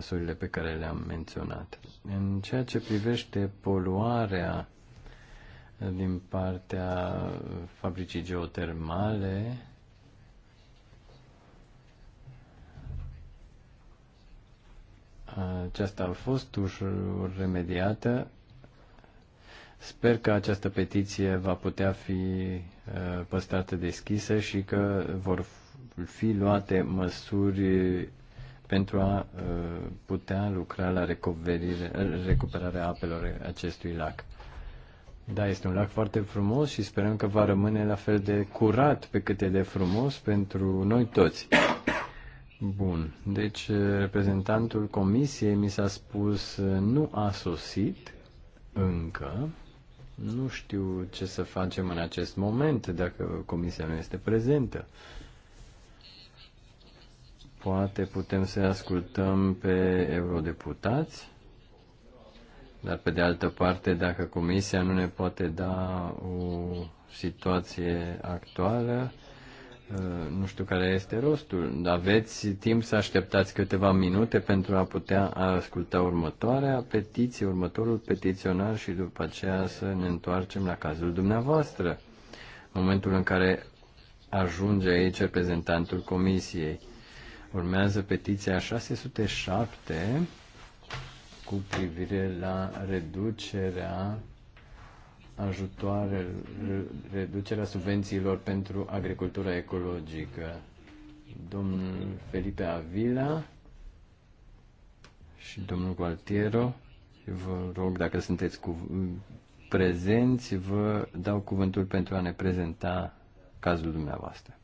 măsurile pe care le-am menționat. În ceea ce privește poluarea din partea fabricii geotermale, aceasta a fost ușor remediată. Sper că această petiție va putea fi uh, păstrată deschisă și că vor fi luate măsuri pentru a uh, putea lucra la recuperarea apelor acestui lac. Da, este un lac foarte frumos și sperăm că va rămâne la fel de curat pe cât e de frumos pentru noi toți. Bun, deci uh, reprezentantul comisiei mi s-a spus uh, nu a sosit încă. Nu știu ce să facem în acest moment dacă comisia nu este prezentă. Poate putem să ascultăm pe eurodeputați, dar pe de altă parte, dacă Comisia nu ne poate da o situație actuală, uh, nu știu care este rostul. Aveți timp să așteptați câteva minute pentru a putea asculta următoarea petiție, următorul petiționar și după aceea să ne întoarcem la cazul dumneavoastră. În momentul în care ajunge aici reprezentantul comisiei. Urmează petiția 607 cu privire la reducerea ajutoare, reducerea subvențiilor pentru agricultura ecologică. Domnul Felipe Avila și domnul Gualtiero, vă rog dacă sunteți cu, prezenți, vă dau cuvântul pentru a ne prezenta cazul dumneavoastră.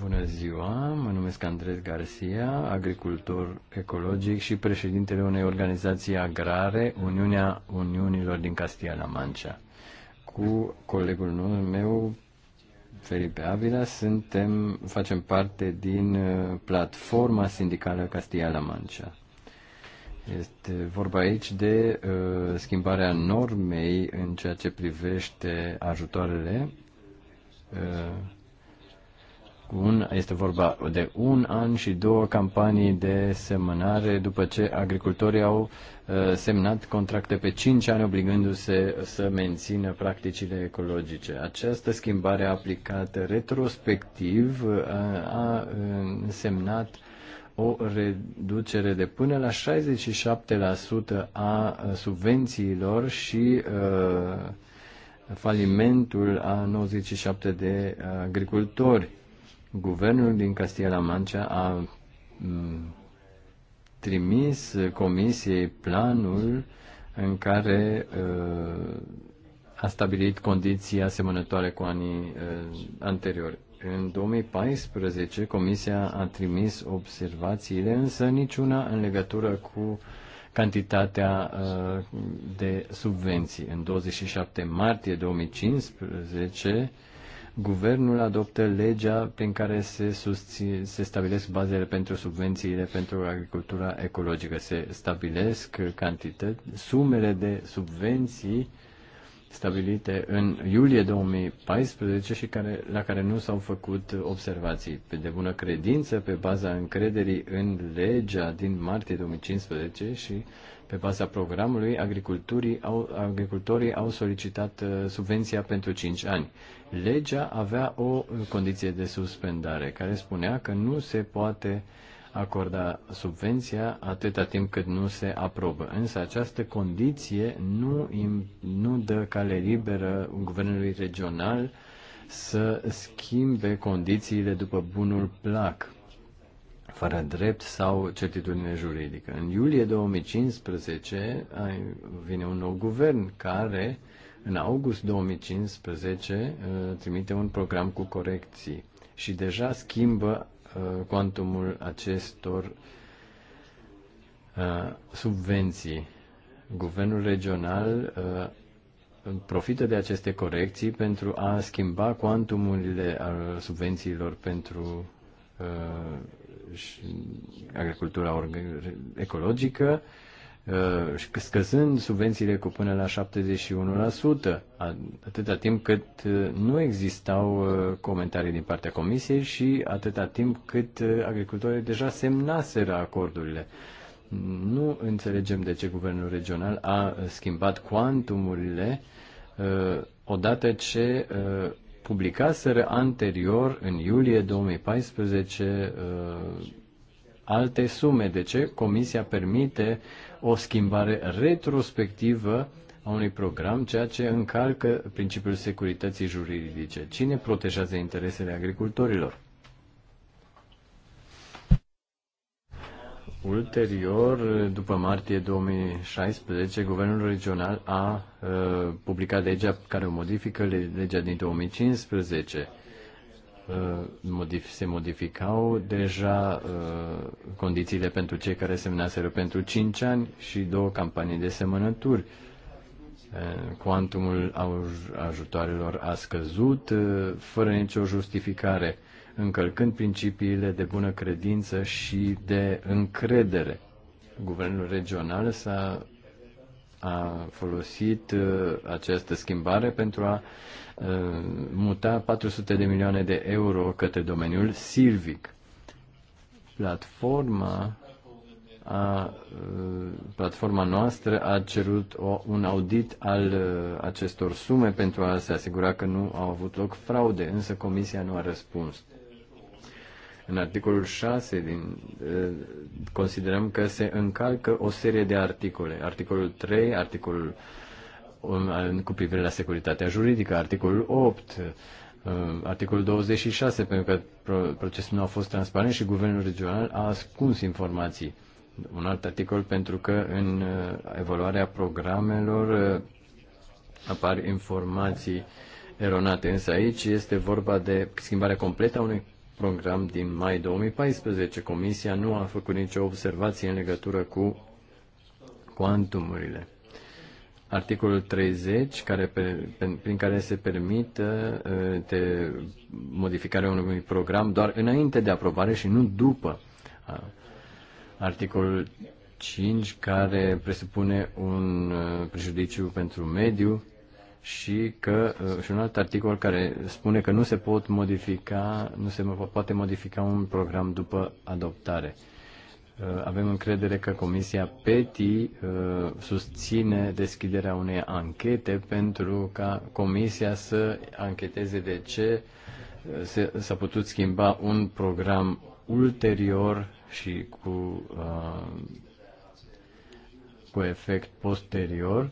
Bună ziua, mă numesc Andres Garcia, agricultor ecologic și președintele unei organizații agrare, Uniunea Uniunilor din Castilla-La Mancha. Cu colegul meu, Felipe Avila, suntem, facem parte din uh, platforma sindicală Castilla-La Mancha. Este vorba aici de uh, schimbarea normei în ceea ce privește ajutoarele uh, un, este vorba de un an și două campanii de semănare după ce agricultorii au uh, semnat contracte pe 5 ani obligându-se să mențină practicile ecologice. Această schimbare aplicată retrospectiv uh, a uh, semnat o reducere de până la 67% a subvențiilor și falimentul a 97 de agricultori Guvernul din Castilla-La Mancha a mm, trimis comisiei planul în care a stabilit condiții asemănătoare cu anii anteriori. În 2014, Comisia a trimis observațiile, însă niciuna în legătură cu cantitatea de subvenții. În 27 martie 2015, guvernul adoptă legea prin care se, susțin, se stabilesc bazele pentru subvențiile pentru agricultura ecologică. Se stabilesc cantități, sumele de subvenții stabilite în iulie 2014 și care, la care nu s-au făcut observații. Pe de bună credință, pe baza încrederii în legea din martie 2015 și pe baza programului, agricultorii au, agricultorii au solicitat uh, subvenția pentru 5 ani. Legea avea o condiție de suspendare care spunea că nu se poate acorda subvenția atâta timp cât nu se aprobă. Însă această condiție nu, nu dă cale liberă guvernului regional să schimbe condițiile după bunul plac fără drept sau certitudine juridică. În iulie 2015 vine un nou guvern care în august 2015 uh, trimite un program cu corecții și deja schimbă uh, cuantumul acestor uh, subvenții. Guvernul regional profită de aceste corecții pentru a schimba cuantumurile subvențiilor pentru și agricultura ecologică, uh, scăzând subvențiile cu până la 71%, atâta timp cât uh, nu existau uh, comentarii din partea Comisiei și atâta timp cât agricultorii deja semnaseră acordurile. Nu înțelegem de ce guvernul regional a schimbat cuantumurile odată ce publicaseră anterior, în iulie 2014, uh, alte sume. De ce? Comisia permite o schimbare retrospectivă a unui program, ceea ce încalcă principiul securității juridice. Cine protejează interesele agricultorilor? Ulterior, după martie 2016, Guvernul Regional a uh, publicat legea care modifică legea din 2015. Uh, modif- se modificau deja uh, condițiile pentru cei care semnaseră pentru 5 ani și două campanii de semănături. Quantumul uh, Cuantumul aj- ajutoarelor a scăzut uh, fără nicio justificare. Uh, încălcând principiile de bună credință și de încredere. Guvernul regional s-a a folosit uh, această schimbare pentru a uh, muta 400 de milioane de euro către domeniul silvic. Platforma a, uh, platforma noastră a cerut o, un audit al uh, acestor sume pentru a se asigura că nu au avut loc fraude, însă comisia nu a răspuns. În articolul 6 din, considerăm că se încalcă o serie de articole. Articolul 3, articolul um, cu privire la securitatea juridică, articolul 8, articolul 26, pentru că procesul nu a fost transparent și guvernul regional a ascuns informații. Un alt articol pentru că în evaluarea programelor apar informații eronate. Însă aici este vorba de schimbarea completă a unui program din mai 2014. Comisia nu a făcut nicio observație în legătură cu cuantumurile. Articolul 30, care, pe, prin care se permită uh, de modificarea unui program doar înainte de aprobare și nu după. Uh, articolul 5, care presupune un uh, prejudiciu pentru mediu și că uh, și un alt articol care spune că nu se pot modifica, nu se poate modifica un program după adoptare. Uh, avem încredere că Comisia PETI uh, susține deschiderea unei anchete pentru ca Comisia să ancheteze de ce s-a putut schimba un program ulterior și cu, cu efect posterior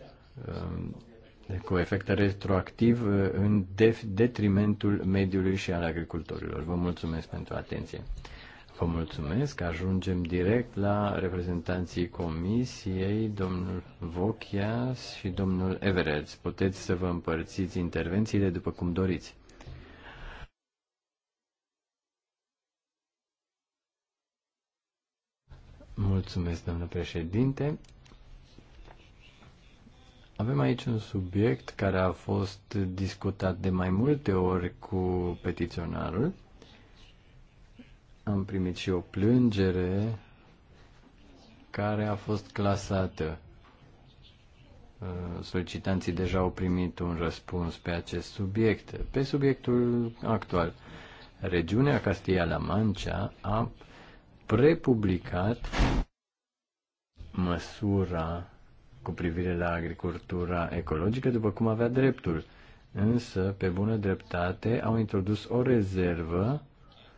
cu efect retroactiv uh, în detrimentul mediului și al agricultorilor. Vă mulțumesc pentru atenție. Vă mulțumesc. Ajungem direct la reprezentanții comisiei, domnul Vochias și domnul Everett. Puteți să vă împărțiți intervențiile după cum doriți. Mulțumesc, domnul președinte. Avem aici un subiect care a fost discutat de mai multe ori cu petiționarul. Am primit și o plângere care a fost clasată. Uh, solicitanții deja au primit un răspuns pe acest subiect. Pe subiectul actual, regiunea Castilla-La Mancha a prepublicat măsura cu privire la agricultura ecologică, după cum avea dreptul. Însă, pe bună dreptate, au introdus o rezervă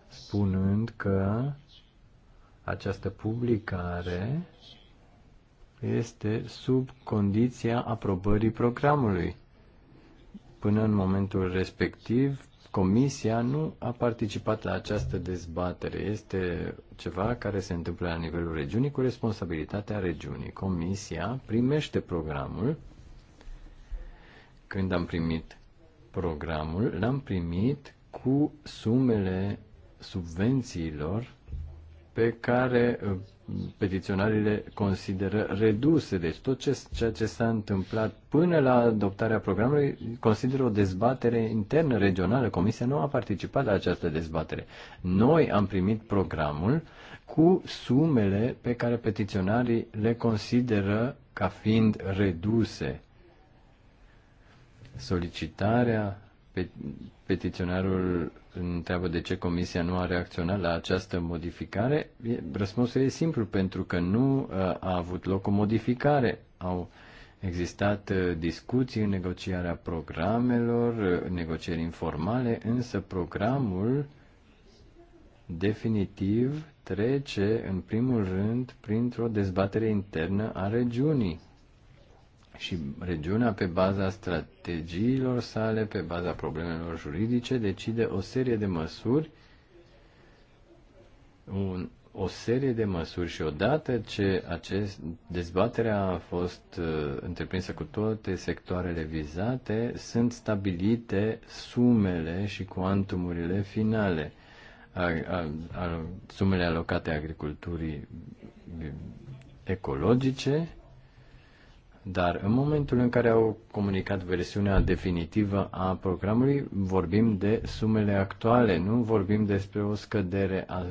spunând că această publicare este sub condiția aprobării programului. Până în momentul respectiv, Comisia nu a participat la această dezbatere. Este ceva care se întâmplă la nivelul regiunii cu responsabilitatea regiunii. Comisia primește programul. Când am primit programul, l-am primit cu sumele subvențiilor pe care uh, petiționarii le consideră reduse. Deci tot ce, ceea ce s-a întâmplat până la adoptarea programului consideră o dezbatere internă regională. Comisia nu a participat la această dezbatere. Noi am primit programul cu sumele pe care petiționarii le consideră ca fiind reduse. Solicitarea petiționarul întreabă de ce Comisia nu a reacționat la această modificare, răspunsul e simplu, pentru că nu uh, a avut loc o modificare. Au existat uh, discuții în negocierea programelor, uh, negocieri informale, însă programul definitiv trece în primul rând printr-o dezbatere internă a regiunii și regiunea pe baza strategiilor sale, pe baza problemelor juridice, decide o serie de măsuri un, o serie de măsuri și odată ce acest, dezbaterea a fost uh, întreprinsă cu toate sectoarele vizate, sunt stabilite sumele și cuantumurile finale, a, a, a, sumele alocate agriculturii ecologice dar în momentul în care au comunicat versiunea definitivă a programului, vorbim de sumele actuale, nu vorbim despre o scădere a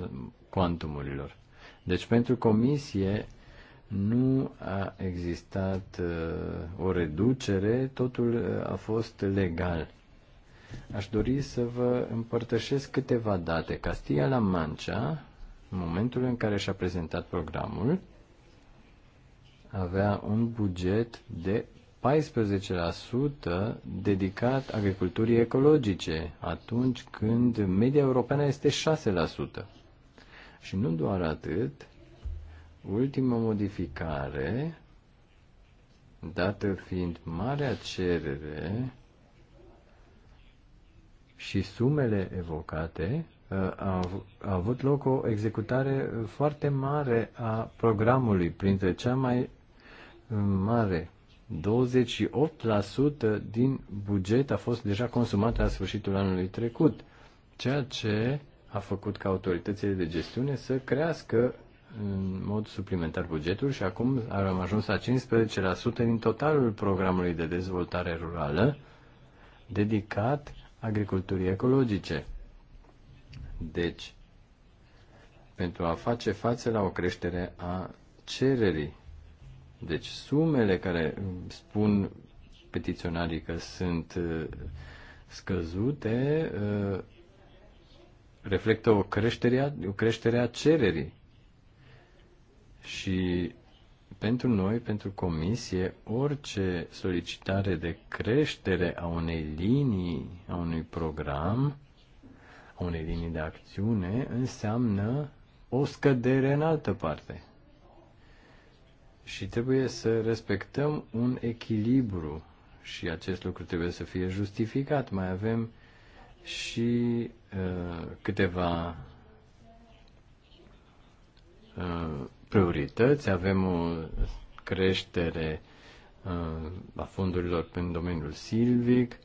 cuantumurilor. Deci pentru comisie nu a existat uh, o reducere, totul uh, a fost legal. Aș dori să vă împărtășesc câteva date. Castilla la Mancha, în momentul în care și-a prezentat programul, avea un buget de 14% dedicat agriculturii ecologice, atunci când media europeană este 6%. Și nu doar atât, ultima modificare, dată fiind marea cerere și sumele evocate, ă, a, avut loc o executare foarte mare a programului, printre cea mai mare. 28% din buget a fost deja consumat la sfârșitul anului trecut, ceea ce a făcut ca autoritățile de gestiune să crească în mod suplimentar bugetul și acum am ajuns la 15% din totalul programului de dezvoltare rurală dedicat agriculturii ecologice. Deci, pentru a face față la o creștere a cererii deci sumele care spun petiționarii că sunt uh, scăzute uh, reflectă o creștere, o creștere a cererii. Și pentru noi, pentru comisie, orice solicitare de creștere a unei linii, a unui program, a unei linii de acțiune, înseamnă o scădere în altă parte și trebuie să respectăm un echilibru și acest lucru trebuie să fie justificat. Mai avem și uh, câteva uh, priorități. Avem o creștere uh, a fondurilor în domeniul silvic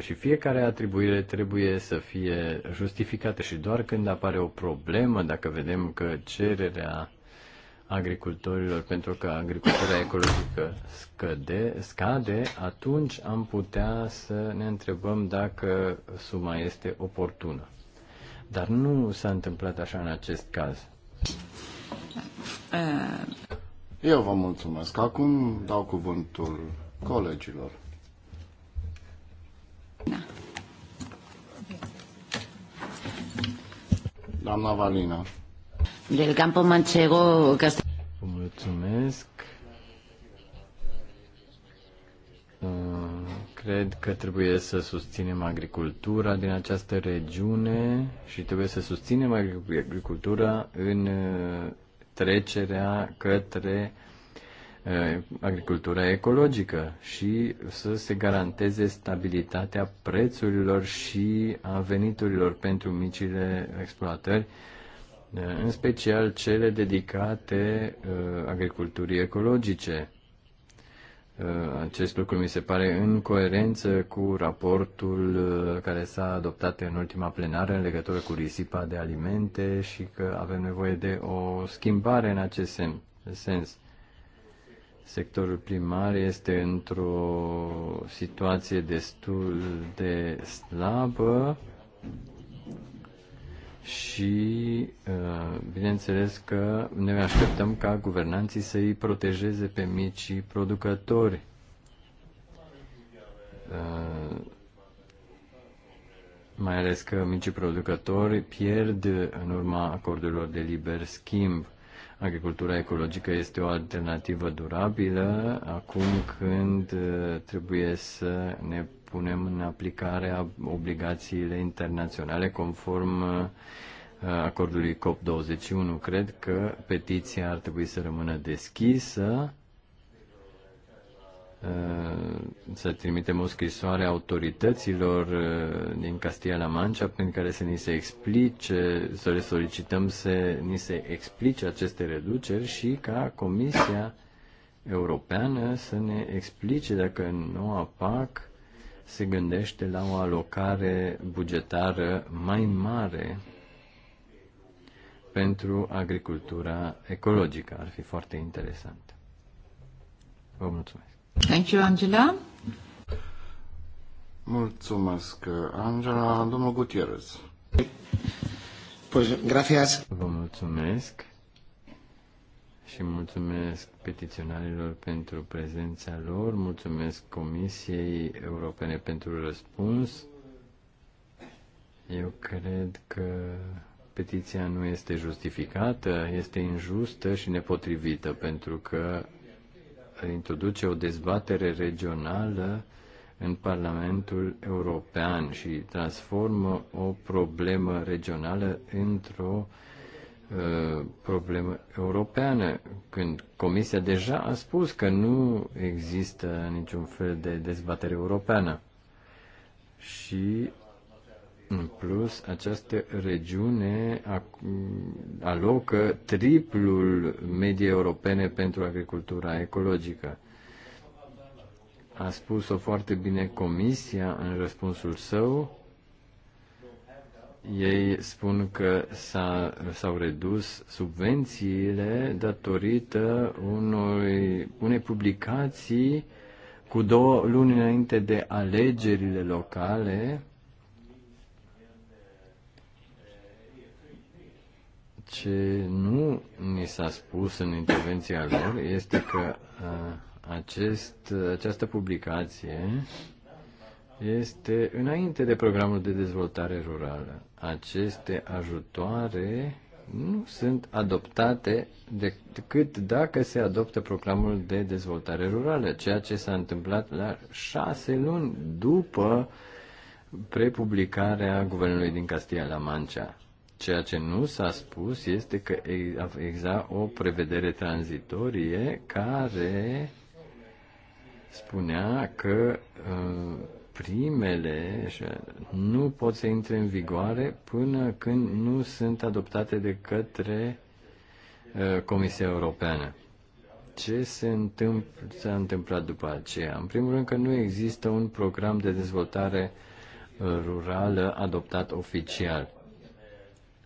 și fiecare atribuire trebuie să fie justificată și doar când apare o problemă, dacă vedem că cererea agricultorilor, pentru că agricultura ecologică scăde, scade, atunci am putea să ne întrebăm dacă suma este oportună. Dar nu s-a întâmplat așa în acest caz. Eu vă mulțumesc. Acum dau cuvântul colegilor. Da. Doamna Valina del campo manchego Vă mulțumesc. Uh, cred că trebuie să susținem agricultura din această regiune și trebuie să susținem agricultura în uh, trecerea către uh, agricultura ecologică și să se garanteze stabilitatea prețurilor și a veniturilor pentru micile exploatări Eh, în special cele dedicate eh, agriculturii ecologice. Eh, acest lucru mi se pare în coerență cu raportul care s-a adoptat în ultima plenară în legătură cu risipa de alimente și că avem nevoie de o schimbare în acest sens. Sectorul primar este într-o situație destul de slabă și uh, bineînțeles că ne așteptăm ca guvernanții să îi protejeze pe micii producători. Uh, mai ales că micii producători pierd în urma acordurilor de liber schimb. Agricultura ecologică este o alternativă durabilă acum când uh, trebuie să ne punem în aplicare obligațiile internaționale conform uh, acordului COP21. Cred că petiția ar trebui să rămână deschisă, uh, să trimitem o scrisoare autorităților uh, din Castilla-La Mancha prin care să ni se explice, să le solicităm să ni se explice aceste reduceri și ca Comisia Europeană să ne explice dacă în noua PAC se gândește la o alocare bugetară mai mare pentru agricultura ecologică. Ar fi foarte interesant. Vă mulțumesc. Thank you, Angela. Mulțumesc, Angela. Domnul Gutierrez. Pues, gracias. Vă mulțumesc și mulțumesc petiționarilor pentru prezența lor, mulțumesc Comisiei Europene pentru răspuns. Eu cred că petiția nu este justificată, este injustă și nepotrivită pentru că introduce o dezbatere regională în Parlamentul European și transformă o problemă regională într-o uh, Uh, problemă europeană, când Comisia deja a spus că nu există niciun fel de dezbatere europeană. Și, în plus, această regiune alocă triplul medie europene pentru agricultura ecologică. A spus-o foarte bine Comisia în răspunsul său ei spun că s-au redus subvențiile datorită unui, unei publicații cu două luni înainte de alegerile locale ce nu ni s-a spus în intervenția lor este că acest, această publicație este înainte de programul de dezvoltare rurală aceste ajutoare nu sunt adoptate decât dacă se adoptă programul de dezvoltare rurală, ceea ce s-a întâmplat la șase luni după prepublicarea guvernului din Castilla-La Mancha. Ceea ce nu s-a spus este că exista o prevedere tranzitorie care spunea că uh, primele nu pot să intre în vigoare până când nu sunt adoptate de către uh, Comisia Europeană. Ce se întâmpl- s-a întâmplat după aceea? În primul rând că nu există un program de dezvoltare uh, rurală adoptat oficial.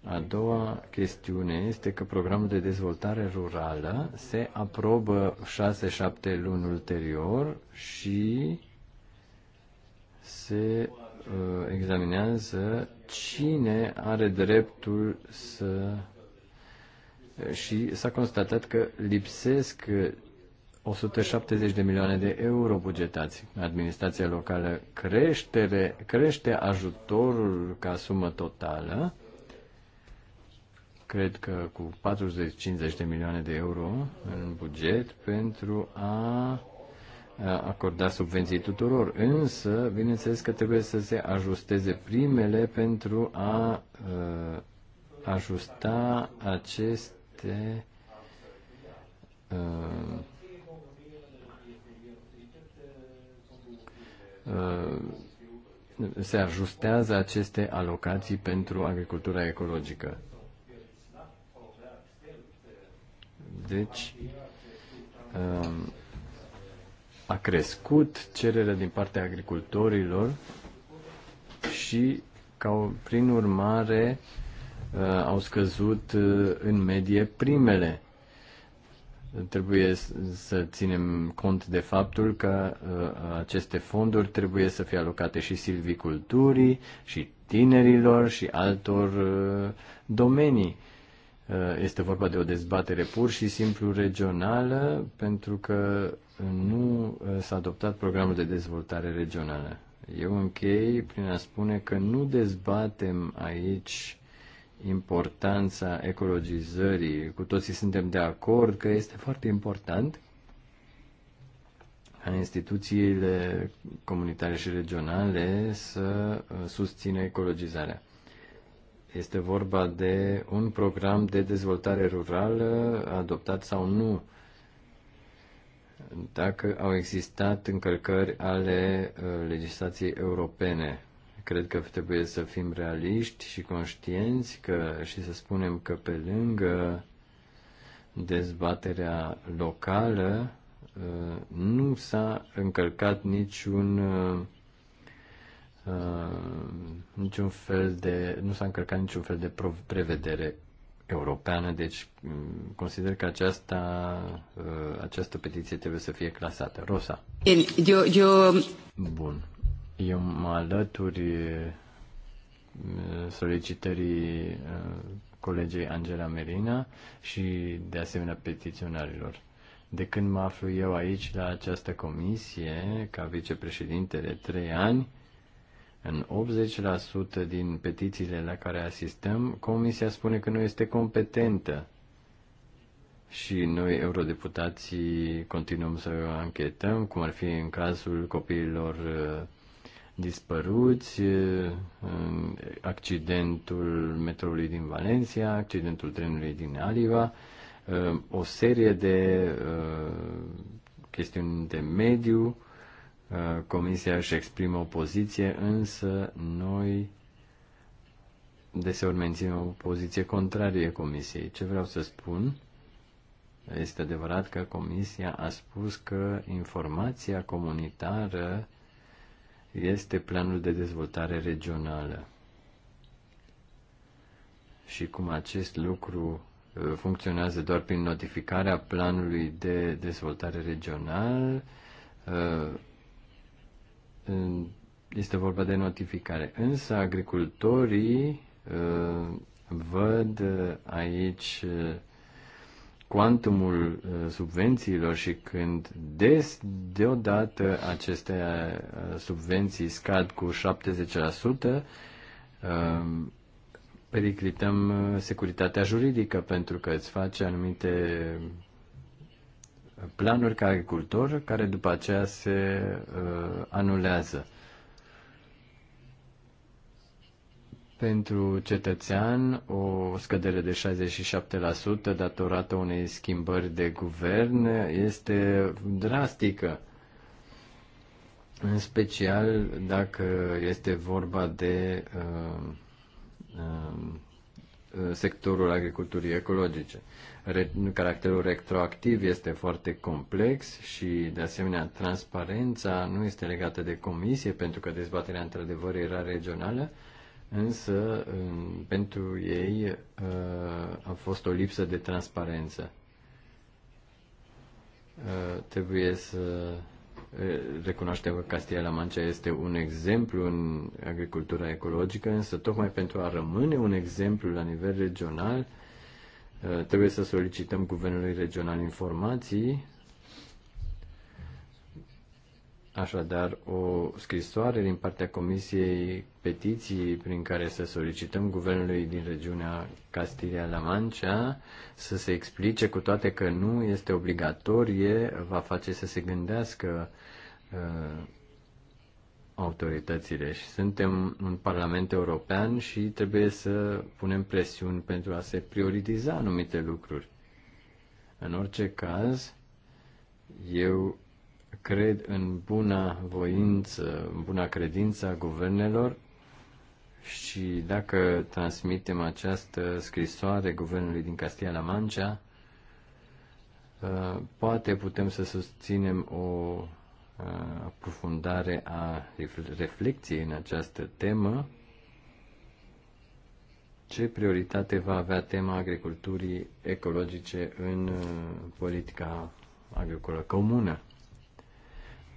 A doua chestiune este că programul de dezvoltare rurală se aprobă 6-7 luni ulterior și se uh, examinează cine are dreptul să uh, și s-a constatat că lipsesc 170 uh, de milioane de euro bugetați. Administrația locală creștere, crește ajutorul ca sumă totală, cred că cu 40-50 de milioane de euro în buget pentru a acorda subvenții tuturor, însă, bineînțeles că trebuie să se ajusteze primele pentru a uh, ajusta aceste uh, uh, se ajustează aceste alocații pentru agricultura ecologică. Deci, uh, a crescut cererea din partea agricultorilor și ca prin urmare uh, au scăzut uh, în medie primele. Trebuie să ținem cont de faptul că uh, aceste fonduri trebuie să fie alocate și silviculturii, și tinerilor, și altor domenii. Este vorba de o dezbatere pur și simplu regională, pentru că nu uh, s-a adoptat programul de dezvoltare regională. Eu închei prin a spune că nu dezbatem aici importanța ecologizării. Cu toții suntem de acord că este foarte important ca instituțiile comunitare și regionale să uh, susțină ecologizarea. Este vorba de un program de dezvoltare rurală adoptat sau nu dacă au existat încălcări ale uh, legislației europene. Cred că trebuie să fim realiști și conștienți că, și să spunem că pe lângă dezbaterea locală uh, nu s-a încălcat niciun uh, niciun fel de nu s-a încălcat niciun fel de prevedere europeană, deci mm, consider că aceasta, uh, această petiție trebuie să fie clasată. Rosa. Eu, eu... Bun. Eu mă alături uh, solicitării uh, colegei Angela Merina și de asemenea petiționarilor. De când mă aflu eu aici la această comisie, ca vicepreședinte de trei ani, în 80% din petițiile la care asistăm, Comisia spune că nu este competentă și noi, eurodeputații, continuăm să anchetăm, cum ar fi în cazul copiilor uh, dispăruți, uh, accidentul metroului din Valencia, accidentul trenului din Aliva, uh, o serie de chestiuni de mediu, Uh, comisia își exprimă o poziție, însă noi deseori menținem o poziție contrarie Comisiei. Ce vreau să spun? Este adevărat că Comisia a spus că informația comunitară este planul de dezvoltare regională. Și cum acest lucru uh, funcționează doar prin notificarea planului de dezvoltare regional, uh, este vorba de notificare. Însă agricultorii uh, văd uh, aici uh, cuantumul subvențiilor și când des deodată aceste subvenții scad cu 70%, um, periclităm securitatea juridică pentru că îți face anumite planuri ca agricultor care după aceea se uh, anulează. Pentru cetățean, o scădere de 67% datorată unei schimbări de guvern este drastică, în special dacă este vorba de uh, uh, sectorul agriculturii ecologice. Uh, Caracterul retroactiv este foarte complex și, de asemenea, transparența nu este legată de comisie, pentru că dezbaterea, într-adevăr, era regională, însă pentru ei uh, a fost o lipsă de transparență. Uh, trebuie să uh, recunoaștem că Castilla-La Mancha este un exemplu în agricultura ecologică, însă tocmai pentru a rămâne un exemplu la nivel regional, Uh, trebuie să solicităm Guvernului Regional informații. Așadar, o scrisoare din partea Comisiei Petiții prin care să solicităm Guvernului din regiunea Castilia-La Mancha să se explice, cu toate că nu este obligatorie, va face să se gândească uh, autoritățile și suntem în Parlament European și trebuie să punem presiuni pentru a se prioritiza anumite lucruri. În orice caz, eu cred în buna voință, în buna credință a guvernelor și dacă transmitem această scrisoare guvernului din Castilla-La Mancha, uh, poate putem să susținem o aprofundare a reflecției în această temă, ce prioritate va avea tema agriculturii ecologice în uh, politica agricolă comună?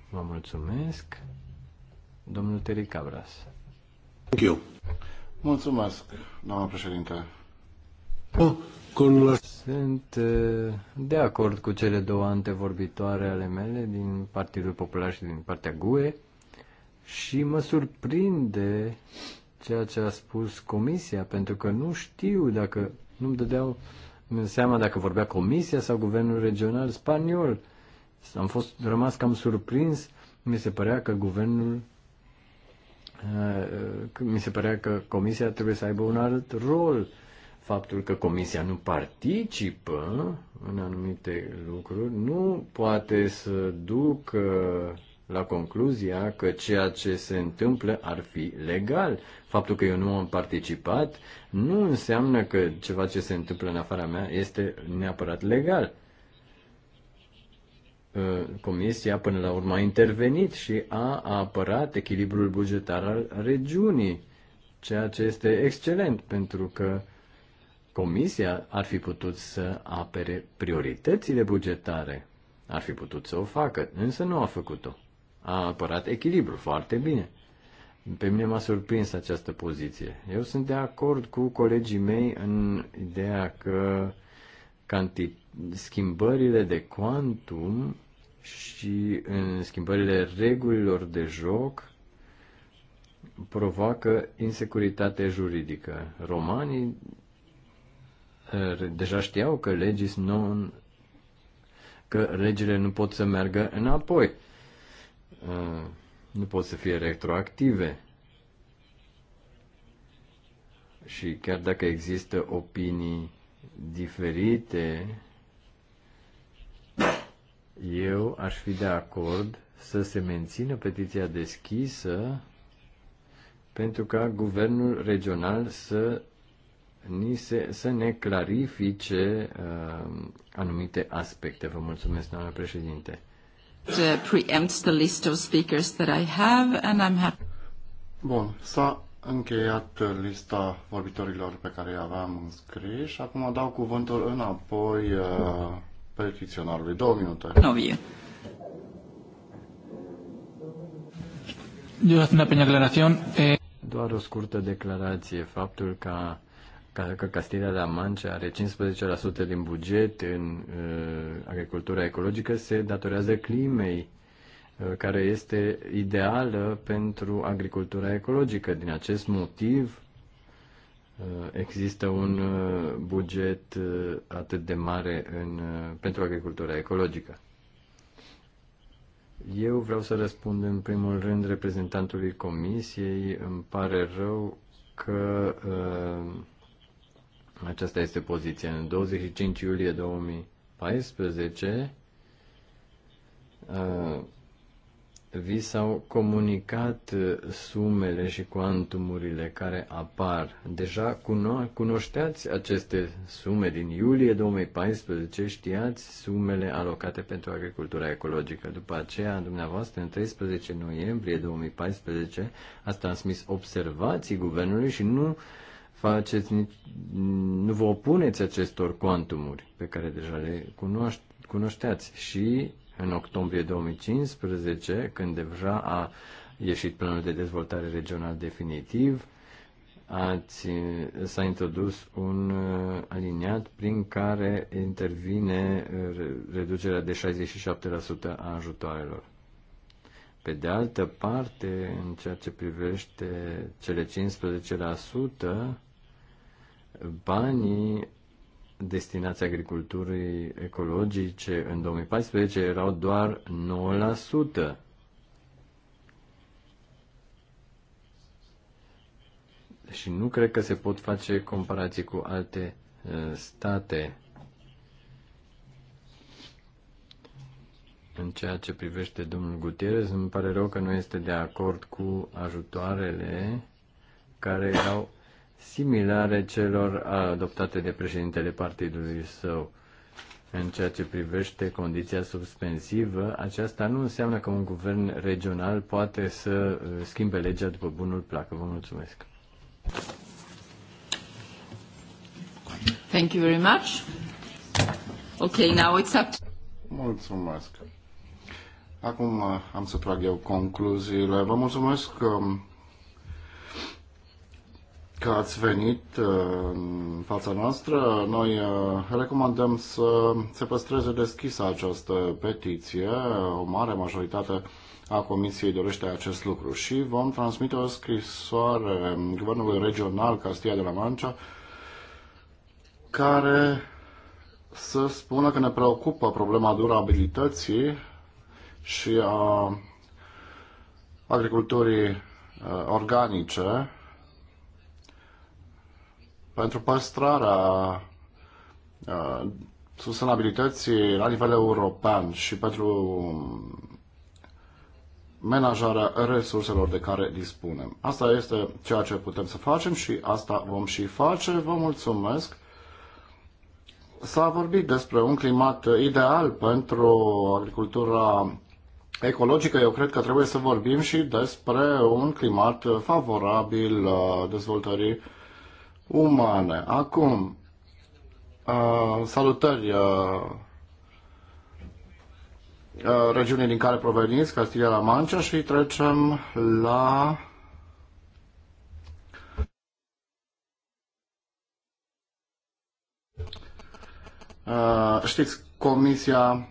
Vă mulțumesc. Domnul Teri Cabras. Thank you. Mulțumesc, doamnă președinte. Oh. Con la Sunt uh, de acord cu cele două antevorbitoare ale mele din Partidul Popular și din partea GUE și mă surprinde ceea ce a spus Comisia, pentru că nu știu dacă, nu-mi dădeau seama dacă vorbea Comisia sau Guvernul Regional Spaniol. Am fost rămas cam surprins, mi se părea că guvernul uh, uh, mi se părea că comisia trebuie să aibă un alt rol faptul că comisia nu participă în anumite lucruri nu poate să ducă la concluzia că ceea ce se întâmplă ar fi legal. Faptul că eu nu am participat nu înseamnă că ceva ce se întâmplă în afara mea este neapărat legal. Ă, comisia până la urmă a intervenit și a apărat echilibrul bugetar al regiunii, ceea ce este excelent pentru că Comisia ar fi putut să apere prioritățile bugetare. Ar fi putut să o facă, însă nu a făcut-o. A apărat echilibru foarte bine. Pe mine m-a surprins această poziție. Eu sunt de acord cu colegii mei în ideea că schimbările de quantum și în schimbările regulilor de joc provoacă insecuritate juridică. Romanii Ă, deja știau că legis non, că legile nu pot să meargă înapoi. Ă, nu pot să fie retroactive. Și chiar dacă există opinii diferite, eu aș fi de acord să se mențină petiția deschisă pentru ca guvernul regional să ni se, să ne clarifice uh, anumite aspecte. Vă mulțumesc, doamnă președinte. preempts the list of speakers that I have and I'm happy. Bun, s-a încheiat lista vorbitorilor pe care i aveam înscris și acum dau cuvântul înapoi uh, petiționarului. Două minute. No, Doar eh, Doar o scurtă declarație. Faptul că că Castilla la Mancha are 15% din buget în uh, agricultura ecologică se datorează climei uh, care este ideală pentru agricultura ecologică. Din acest motiv uh, există un uh, buget atât de mare în, pentru agricultura ecologică. Eu vreau să răspund în primul rând reprezentantului comisiei. Îmi pare rău că uh, aceasta este poziția. În 25 iulie 2014 uh, vi s-au comunicat uh, sumele și cuantumurile care apar. Deja cuno- cunoșteați aceste sume din iulie 2014, știați sumele alocate pentru agricultura ecologică. După aceea, dumneavoastră, în 13 noiembrie 2014, ați transmis observații guvernului și nu uh, faceți, nu vă opuneți acestor cuantumuri pe care deja le cunoșteați. Și în octombrie 2015, când deja a ieșit planul de dezvoltare regional definitiv, ați, s-a introdus un uh, aliniat prin care intervine uh, reducerea de 67% a ajutoarelor. Pe de altă parte, în ceea ce privește cele banii destinați agriculturii ecologice în 2014 erau doar 9%. Și nu cred că se pot face comparații cu alte uh, state în ceea ce privește domnul Gutierrez, îmi pare rău că nu este de acord cu ajutoarele care erau similare celor adoptate de președintele partidului său. În ceea ce privește condiția suspensivă, aceasta nu înseamnă că un guvern regional poate să uh, schimbe legea după bunul plac. Vă mulțumesc. Thank you very much. Okay, now it's up to... Mulțumesc. Acum uh, am să trag eu concluziile. Vă mulțumesc um, că ați venit uh, în fața noastră. Noi uh, recomandăm să se păstreze deschisă această petiție. O mare majoritate a Comisiei dorește acest lucru și vom transmite o scrisoare Guvernului Regional Castia de la Mancha care să spună că ne preocupă problema durabilității și a agriculturii uh, organice pentru păstrarea sustenabilității la nivel european și pentru menajarea resurselor de care dispunem. Asta este ceea ce putem să facem și asta vom și face. Vă mulțumesc! S-a vorbit despre un climat ideal pentru agricultura ecologică. Eu cred că trebuie să vorbim și despre un climat favorabil uh, dezvoltării umane. Acum, uh, salutări uh, uh, regiunii din care proveniți, Castilia la Mancha, și trecem la Uh, știți, comisia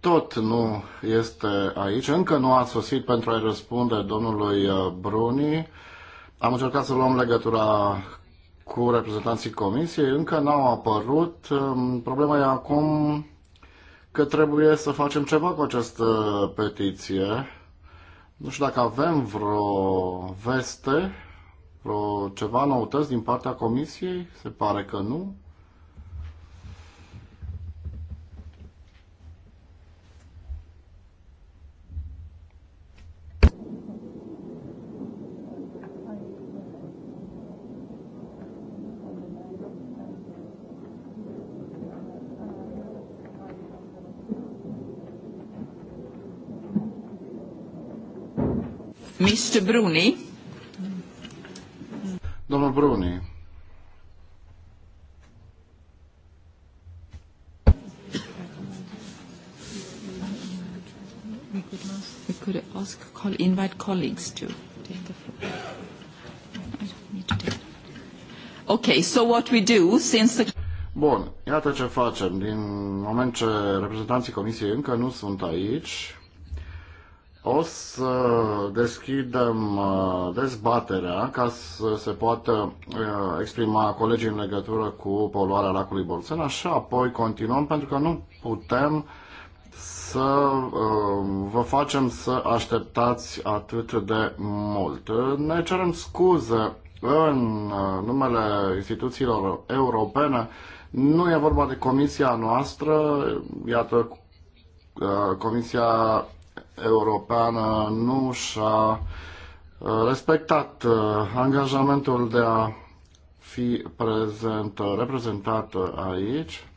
tot nu este aici, încă nu a sosit pentru a-i răspunde domnului uh, Bruni. Am încercat să luăm legătura cu reprezentanții comisiei, încă n-au apărut. Ehm, problema e acum că trebuie să facem ceva cu această petiție. Nu știu dacă avem vreo veste, vreo ceva noutăți din partea comisiei, se pare că nu. Mr. Bruni. Domnul Bruni. We could ask, call, invite colleagues to take the floor. Okay, so what we do since the Bun, iată ce facem. Din moment ce reprezentanții Comisiei încă nu sunt aici, o să deschidem uh, dezbaterea ca să se poată uh, exprima colegii în legătură cu poluarea lacului Bolțena și apoi continuăm pentru că nu putem să uh, vă facem să așteptați atât de mult. Ne cerem scuze în numele instituțiilor europene. Nu e vorba de comisia noastră, iată, comisia Europeană nu și-a uh, respectat uh, angajamentul de a fi prezent, reprezentată uh, aici.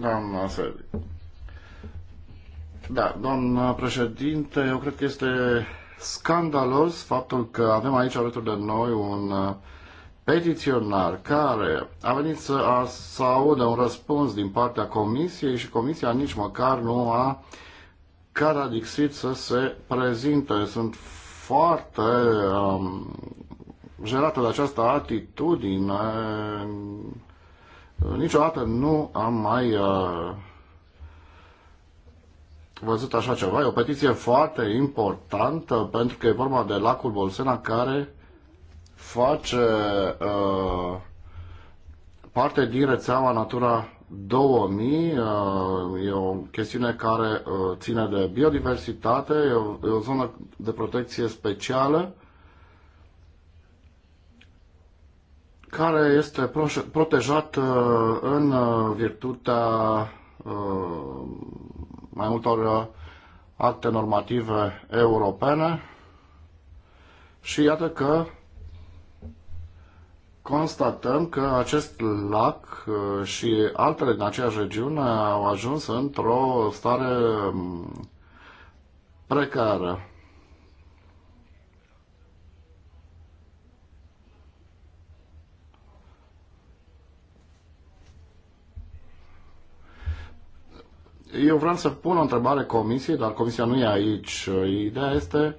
Doamna Selic. Da, doamna președinte, eu cred că este scandalos faptul că avem aici alături de noi un uh, petiționar care a venit să, a, să audă un răspuns din partea comisiei și comisia nici măcar nu a caradixit să se prezinte. Sunt foarte um, jerată de această atitudine. Niciodată nu am mai uh, văzut așa ceva. E o petiție foarte importantă pentru că e vorba de lacul Bolsena care face uh, parte din rețeaua Natura 2000 uh, e o chestiune care uh, ține de biodiversitate, e o, e o zonă de protecție specială care este protejată uh, în virtutea mai multor acte normative europene și iată că constatăm că acest lac uh, și altele din aceeași regiune au ajuns într-o stare um, precară. Eu vreau să pun o întrebare comisiei, dar comisia nu e aici. Ideea este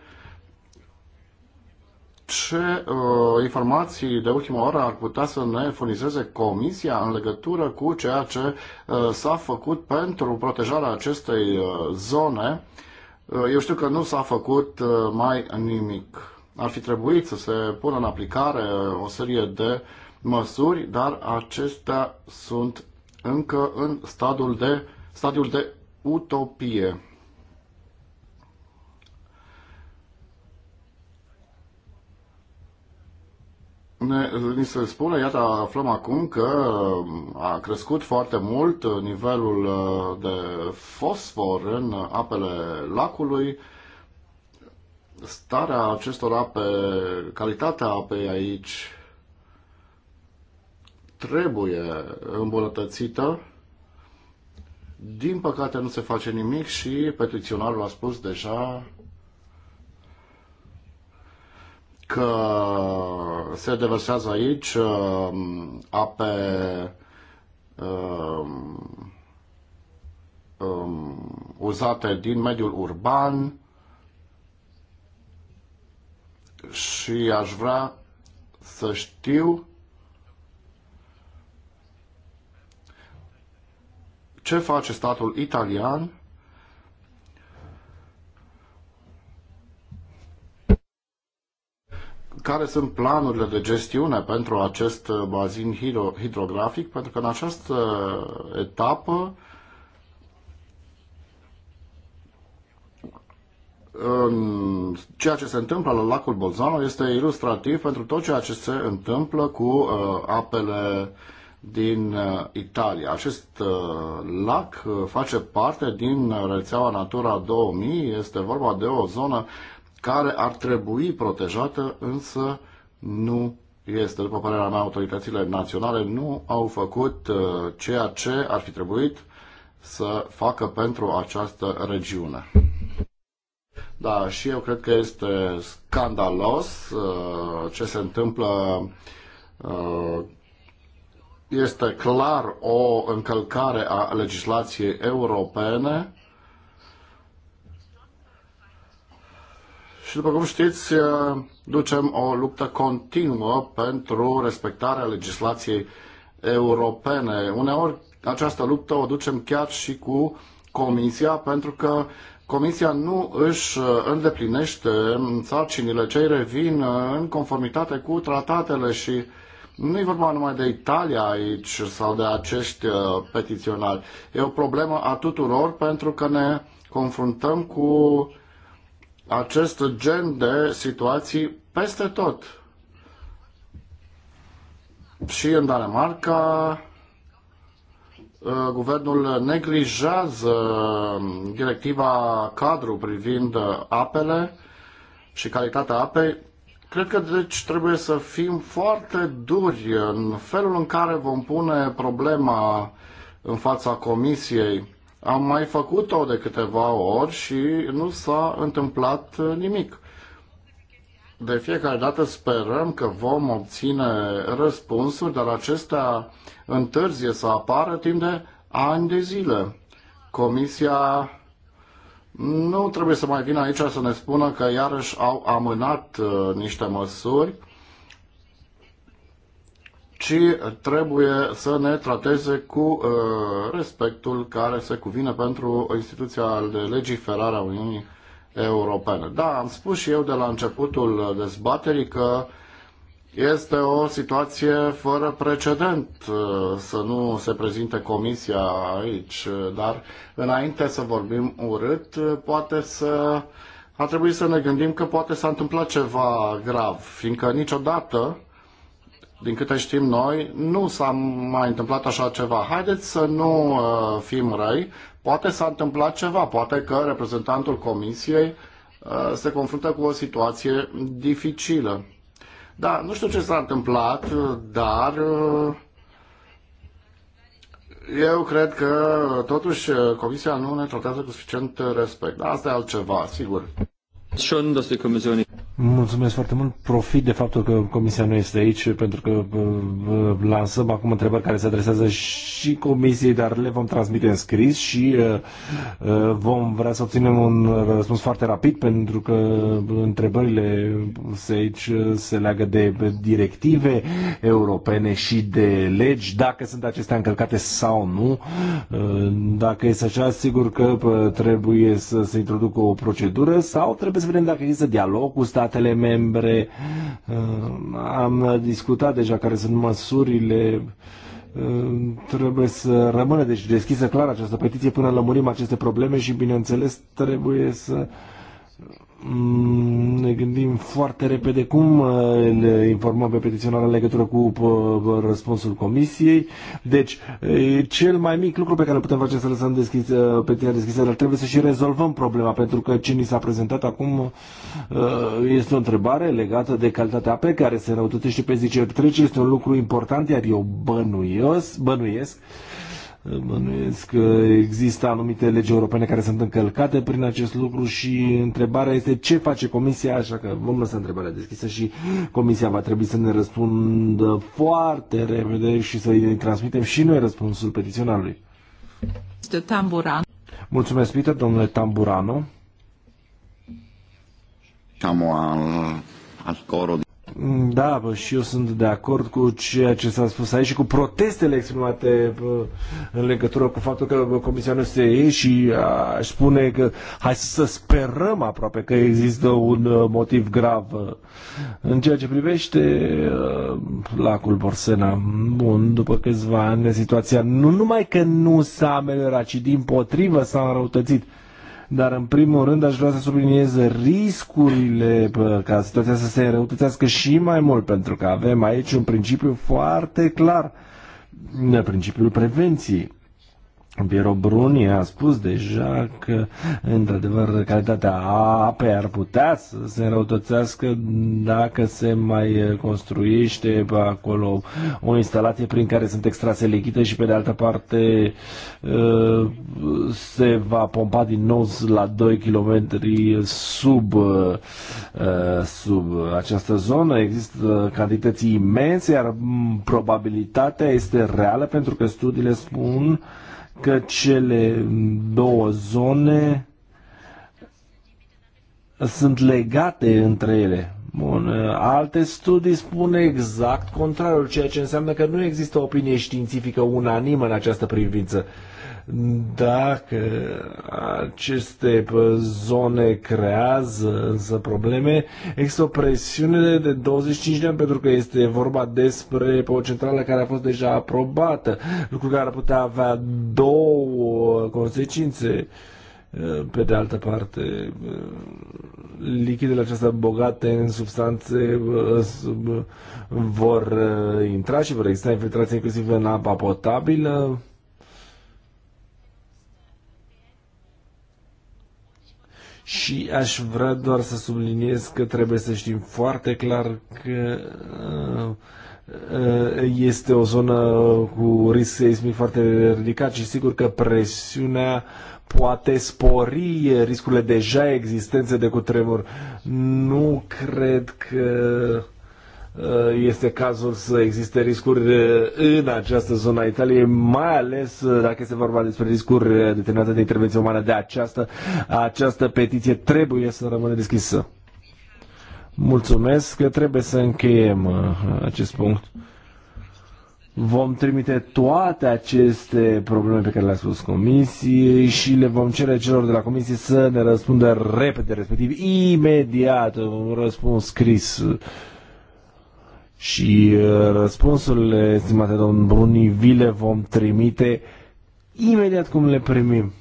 ce uh, informații de ultima oră ar putea să ne furnizeze Comisia în legătură cu ceea ce uh, s-a făcut pentru protejarea acestei uh, zone. Uh, eu știu că nu s-a făcut uh, mai nimic. Ar fi trebuit să se pună în aplicare uh, o serie de măsuri, dar acestea sunt încă în stadiul de, stadiul de utopie. ne, ni se spune, iată, aflăm acum că uh, a crescut foarte mult uh, nivelul uh, de fosfor în apele lacului. Starea acestor ape, calitatea apei aici trebuie îmbunătățită. Din păcate nu se face nimic și petiționarul a spus deja că se deversează aici uh, ape uh, um, uzate din mediul urban și aș vrea să știu ce face statul italian care sunt planurile de gestiune pentru acest uh, bazin hidrografic, pentru că în această etapă ceea ce se întâmplă la lacul Bolzano este ilustrativ pentru tot ceea ce se întâmplă cu uh, apele din uh, Italia. Acest lac face parte din rețeaua Natura 2000, este vorba de o zonă care ar trebui protejată, însă nu este. După părerea mea, autoritățile naționale nu au făcut uh, ceea ce ar fi trebuit să facă pentru această regiune. Da, și eu cred că este scandalos uh, ce se întâmplă. Uh, este clar o încălcare a legislației europene Și după cum știți, ducem o luptă continuă pentru respectarea legislației europene. Uneori această luptă o ducem chiar și cu Comisia, pentru că Comisia nu își îndeplinește sarcinile cei revin în conformitate cu tratatele și nu e vorba numai de Italia aici sau de acești petiționari. E o problemă a tuturor pentru că ne confruntăm cu acest gen de situații peste tot. Și în Danemarca, uh, guvernul neglijează directiva cadru privind apele și calitatea apei. Cred că deci trebuie să fim foarte duri în felul în care vom pune problema în fața comisiei am mai făcut-o de câteva ori și nu s-a întâmplat nimic. De fiecare dată sperăm că vom obține răspunsuri, dar acestea întârzie să apară timp de ani de zile. Comisia nu trebuie să mai vină aici să ne spună că iarăși au amânat uh, niște măsuri ci trebuie să ne trateze cu uh, respectul care se cuvine pentru instituția de legiferare a Uniunii Europene. Da, am spus și eu de la începutul dezbaterii că este o situație fără precedent uh, să nu se prezinte comisia aici, uh, dar înainte să vorbim urât, poate să a trebuit să ne gândim că poate s-a întâmplat ceva grav, fiindcă niciodată din câte știm noi, nu s-a mai întâmplat așa ceva. Haideți să nu uh, fim răi, poate s-a întâmplat ceva, poate că reprezentantul comisiei uh, se confruntă cu o situație dificilă. Da, nu știu ce s-a întâmplat, dar uh, eu cred că totuși uh, comisia nu ne tratează cu suficient respect. asta e altceva, sigur. Mulțumesc foarte mult. Profit de faptul că Comisia nu este aici, pentru că uh, uh, lansăm acum întrebări care se adresează și Comisiei, dar le vom transmite în scris și uh, vom vrea să obținem un răspuns foarte rapid, pentru că întrebările se aici se leagă de directive europene și de legi, dacă sunt acestea încălcate sau nu. Dacă este așa, sigur că trebuie să se introducă o procedură sau trebuie să vedem dacă există dialog cu statele membre. Uh, am discutat deja care sunt măsurile uh, trebuie să rămână deci deschisă clar această petiție până lămurim aceste probleme și bineînțeles trebuie să Mm, ne gândim foarte repede cum uh, ne informăm pe petiționare în legătură cu uh, răspunsul comisiei. Deci, uh, cel mai mic lucru pe care îl putem face să lăsăm deschis, petiția deschisă, dar trebuie să și rezolvăm problema, pentru că ce ni s-a prezentat acum este o întrebare legată de calitatea apei care se răutătește pe zi ce trece, este un lucru important, iar eu bănuios, bănuiesc Bănuiesc că există anumite legi europene care sunt încălcate prin acest lucru și întrebarea este ce face Comisia, așa că vom lăsa întrebarea deschisă și Comisia va trebui să ne răspundă foarte repede și să îi transmitem și noi răspunsul petiționarului. Tamburan. Mulțumesc, Peter, domnule Tamburano. Siamo al, al coro di... Da, bă, și eu sunt de acord cu ceea ce s-a spus aici și cu protestele exprimate bă, în legătură cu faptul că Comisia nu se ieși și aș spune că hai să sperăm aproape că există un motiv grav în ceea ce privește lacul Borsena. Bun, după câțiva ani situația nu numai că nu s-a ameliorat, ci din potrivă s-a înrăutățit dar în primul rând aș vrea să subliniez riscurile ca situația să se înrăutățească și mai mult, pentru că avem aici un principiu foarte clar, principiul prevenției. Piero Bruni a spus deja că, într-adevăr, calitatea apei ar putea să se înrăutățească dacă se mai construiește acolo o instalație prin care sunt extrase lichide și, pe de altă parte, ă, se va pompa din nou la 2 km sub, uh, uh, sub această zonă. Există cantități imense, iar mm, probabilitatea este reală pentru că studiile spun că cele două zone sunt legate între ele. Bun. Uh, alte studii spun exact contrarul, ceea ce înseamnă că nu există opinie științifică unanimă în această privință. Uh, dacă aceste zone creează însă probleme, există o presiune de 25 de ani pentru că este vorba despre o centrală care a fost deja aprobată, lucru care ar putea avea două consecințe. Uh, pe de altă parte, uh, lichidele acestea bogate în substanțe uh, vor intra și vor exista infiltrații inclusiv în apa potabilă Și aș vrea doar să subliniez că trebuie să știm foarte clar că uh, uh, este o zonă cu risc seismic foarte ridicat și sigur că presiunea poate spori riscurile deja existențe de cutremur. Nu cred că Uh, este cazul să existe riscuri uh, în această zonă a Italiei, mai ales uh, dacă este vorba despre riscuri determinate de intervenție umană. De această, această petiție trebuie să rămână deschisă. Mulțumesc că trebuie să încheiem acest punct. Vom trimite toate aceste probleme pe care le-a spus comisiei și le vom cere celor de la comisie să ne răspundă repede, respectiv imediat, un răspuns scris și uh, răspunsurile, estimate domn Bruni, vi le vom trimite imediat cum le primim.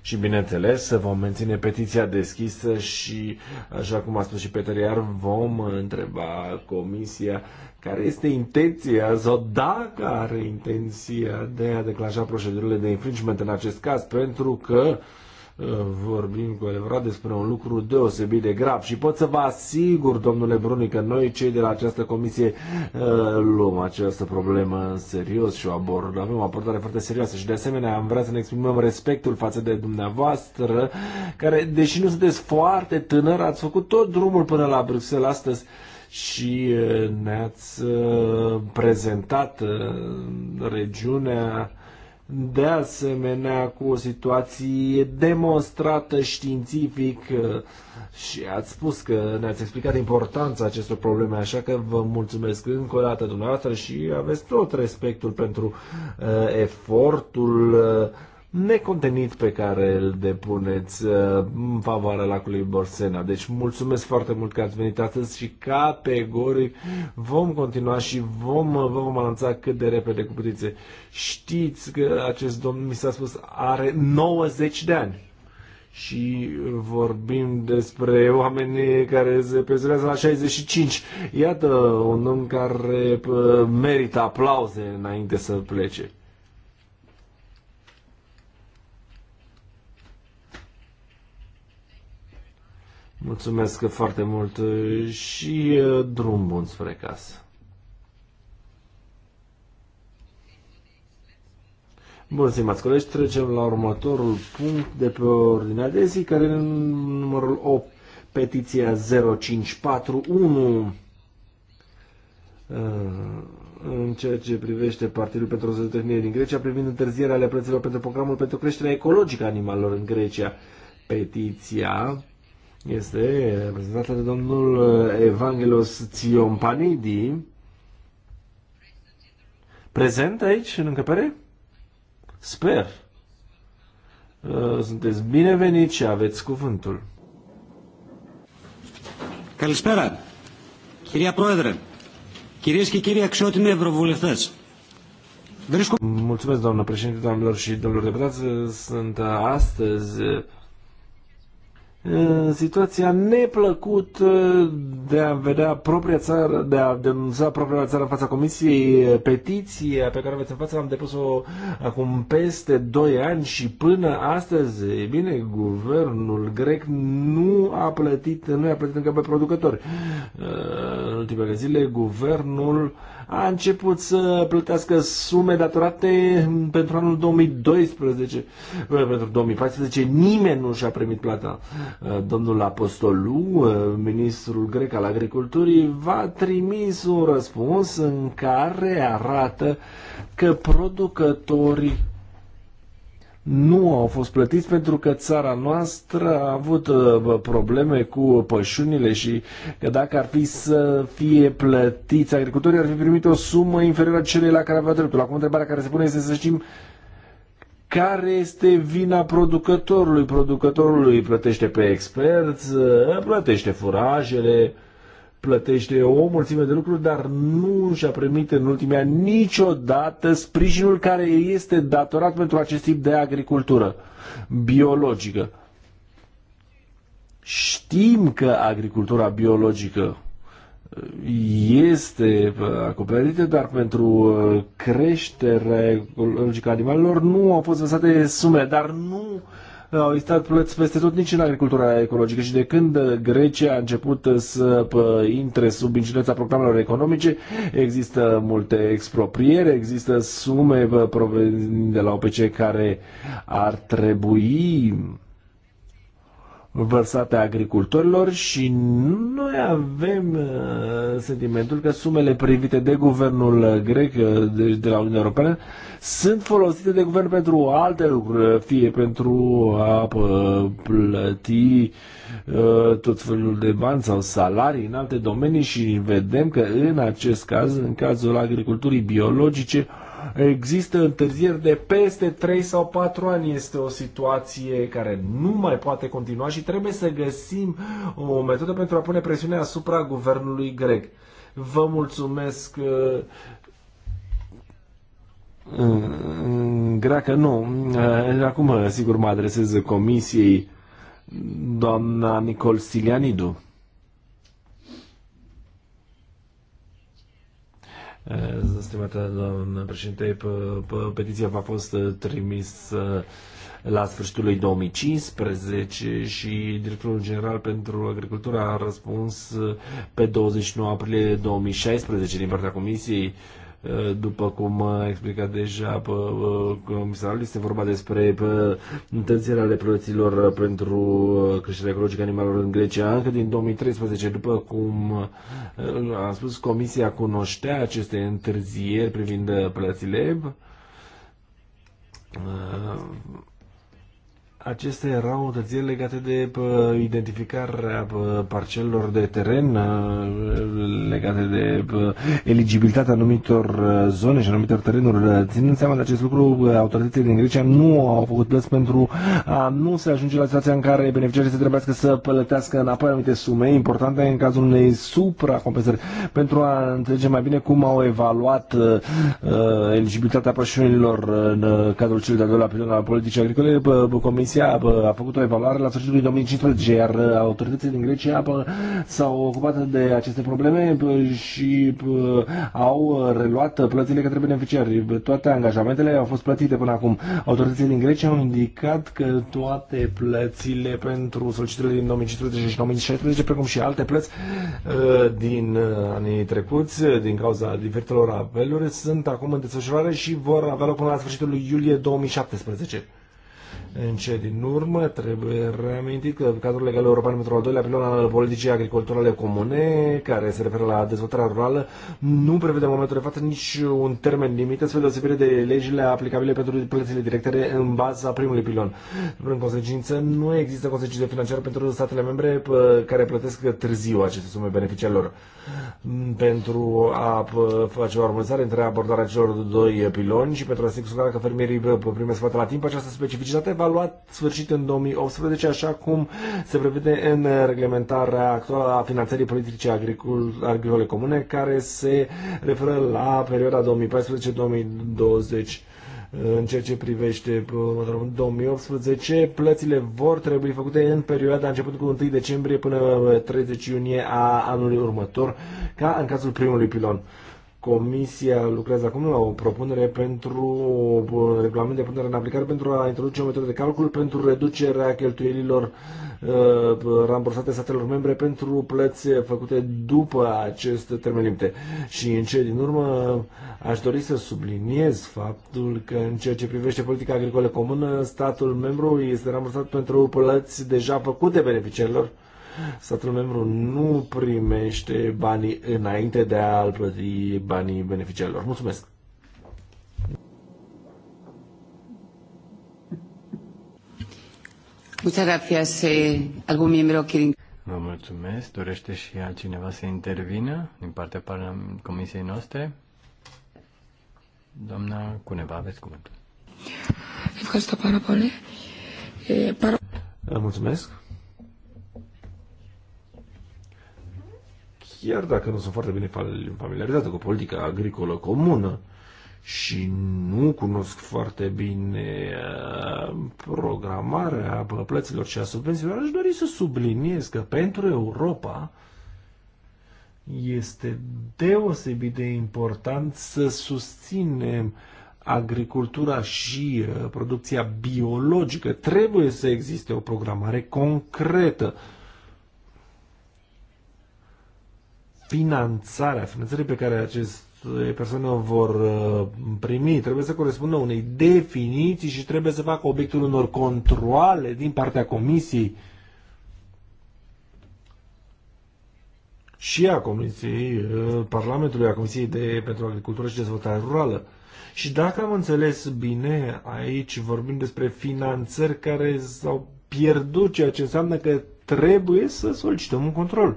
Și bineînțeles, vom menține petiția deschisă și, așa cum a spus și Peter Iar, vom întreba comisia care este intenția sau dacă are intenția de a declanșa procedurile de infringement în acest caz, pentru că uh, Uh, vorbim cu adevărat despre un lucru deosebit de grav și pot să vă asigur, domnule Bruni, că noi cei de la această comisie uh, luăm această problemă în serios și o abordăm, avem o abordare foarte serioasă și de asemenea am vrea să ne exprimăm respectul față de dumneavoastră, care, deși nu sunteți foarte tânăr, ați făcut tot drumul până la Bruxelles astăzi și uh, ne-ați prezentat regiunea de asemenea cu o situație demonstrată științific uh, și ați spus că ne-ați explicat importanța acestor probleme, așa că vă mulțumesc încă o dată dumneavoastră și aveți tot respectul pentru uh, efortul uh, necontenit pe care îl depuneți uh, în favoarea lacului Borsena. Deci mulțumesc foarte mult că ați venit astăzi și categoric vom continua și vom, uh, vă vom anunța cât de repede cu putințe. Știți că acest domn, mi s-a spus, are 90 de ani și vorbim despre oamenii care se pensionează la 65. Iată un om care uh, merită aplauze înainte să plece. Mulțumesc foarte mult și drum bun spre casă. Bun, stimați colegi, trecem la următorul punct de pe ordinea de zi, care e numărul 8, petiția 0541 uh, în ceea ce privește Partidul pentru Zootehnie din Grecia privind întârzierea ale plăților pentru programul pentru creșterea ecologică a animalelor în Grecia. Petiția este reprezentată de domnul uh, Evangelos Ționpanidi, prezent aici, în încăpere? Sper. Uh, sunteți bineveniți și aveți cuvântul. Καλησπέρα, κυρία Πρόεδρε, κυρίες και κύριοι αξιότιμοι ευρωβουλευτές. Mulțumesc, doamnă președinte, doamnelor și domnilor deputați. Sunt astăzi situația neplăcut de a vedea propria țară, de a denunța propria țară în fața Comisiei, petiția pe care o aveți în față, am depus-o acum peste 2 ani și până astăzi, e bine, guvernul grec nu a plătit, nu a plătit încă pe producători. În ultimele zile, guvernul uh, a început să plătească sume datorate pentru anul 2012. Pentru 2014 nimeni nu și-a primit plata. Uh, domnul Apostolou, uh, ministrul grec al agriculturii, va trimis un răspuns în care arată că producătorii nu au fost plătiți pentru că țara noastră a avut probleme cu pășunile și că dacă ar fi să fie plătiți, agricultorii ar fi primit o sumă inferioară celei la care avea dreptul. Acum întrebarea care se pune este să știm care este vina producătorului. Producătorul îi plătește pe experți, plătește furajele, plătește o mulțime de lucruri, dar nu și-a primit în ultimii ani niciodată sprijinul care este datorat pentru acest tip de agricultură biologică. Știm că agricultura biologică este acoperită, dar pentru uh, creșterea ecologică animalelor nu au fost lăsate sume, dar nu uh, au existat plăți peste tot nici în agricultura ecologică și de când Grecia a început să intre sub incidența programelor economice, există multe expropriere, există sume provenind de la OPC care ar trebui vărsate agricultorilor și noi avem uh, sentimentul că sumele privite de guvernul grec, deci de la Uniunea Europeană, sunt folosite de guvern pentru alte lucruri, uh, fie pentru a plăti tot felul de bani sau salarii în alte domenii și vedem că în acest caz, în cazul agriculturii biologice, există întârzieri de peste 3 sau 4 ani. Este o situație care nu mai poate continua și trebuie să găsim o metodă pentru a pune presiune asupra guvernului grec. Vă mulțumesc uh, greacă, nu. Uh, acum, sigur, mă adresez comisiei doamna Nicol Silianidu. Eh, stimată doamnă președinte, petiția v-a fost eh, trimisă eh, la sfârșitul lui 2015 și directorul general pentru agricultură a răspuns pe 29 aprilie 2016 din partea comisiei Eh, după cum a explicat deja eh, comisarul, este vorba despre întâlnirea ale plăților eh, pentru creșterea ecologică animalelor în Grecia încă din 2013. După cum a spus, Comisia cunoștea aceste întârzieri privind plățile. Uh, Acestea erau întârzieri legate de identificarea parcelor de teren, ă, legate de eligibilitatea anumitor ă, zone și anumitor terenuri. Ă, ținând seama de acest lucru, autoritățile din Grecia nu au făcut plăți pentru a nu se ajunge la situația în care beneficiarii se trebuiască să plătească înapoi anumite sume importante în cazul unei supracompensări pentru a înțelege mai bine cum au evaluat eligibilitatea pășunilor în cadrul celui de-al doilea pilon al politicii agricole. Comisia Grecia a făcut o evaluare la sfârșitul 2015, iar uh, autoritățile din Grecia uh, s-au ocupat de aceste probleme uh, și au reluat plățile către beneficiari. Toate angajamentele au fost plătite până acum. Autoritățile din Grecia au indicat că toate plățile pentru solicitările din 2015 și 2016, precum și alte plăți din anii trecuți, din cauza diferitelor apeluri, sunt acum în desfășurare și vor avea loc până la sfârșitul lui iulie 2017 în ce din urmă trebuie reamintit că cadrul legal european pentru al doilea pilon al politicii agriculturale comune, care se referă la dezvoltarea rurală, nu prevede în momentul de față nici un termen limită, spre deosebire de legile aplicabile pentru plățile directe în baza primului pilon. În consecință, nu există consecințe financiare pentru statele membre care plătesc târziu aceste sume beneficiarilor. Pentru a face o armonizare între abordarea celor doi piloni și pentru a se că fermierii primesc plata la timp, această specificitate va va lua sfârșit în 2018, așa cum se prevede în reglementarea actuală a finanțării politice agricole, comune, care se referă la perioada 2014-2020 în ceea ce privește următorul 2018. Plățile vor trebui făcute în perioada începând cu 1 decembrie până 30 iunie a anului următor, ca în cazul primului pilon. Comisia lucrează acum la o propunere pentru un regulament de punere în aplicare pentru a introduce o metodă de calcul pentru reducerea cheltuielilor uh, rambursate statelor membre pentru plăți făcute după acest termen limite. Și în ce din urmă aș dori să subliniez faptul că în ceea ce privește politica agricolă comună, statul membru este rambursat pentru plăți deja făcute beneficiarilor statul membru nu primește banii înainte de a-l plăti banii beneficiarilor. Mulțumesc! Eh, Vă mulțumesc. Dorește și altcineva să intervină din partea comisiei noastre? Doamna Cuneva, aveți cuvântul. Mulțumesc. chiar dacă nu sunt foarte bine familiarizată cu politica agricolă comună și nu cunosc foarte bine uh, programarea plăților și a subvențiilor, aș dori să subliniez că pentru Europa este deosebit de important să susținem agricultura și uh, producția biologică. Trebuie să existe o programare concretă finanțarea, finanțării pe care aceste persoane o vor uh, primi trebuie să corespundă unei definiții și trebuie să facă obiectul unor controle din partea comisiei și a comisiei uh, Parlamentului, a Comisiei de, pentru Agricultură și Dezvoltare Rurală. Și dacă am înțeles bine, aici vorbim despre finanțări care s-au pierdut, ceea ce înseamnă că trebuie să solicităm un control.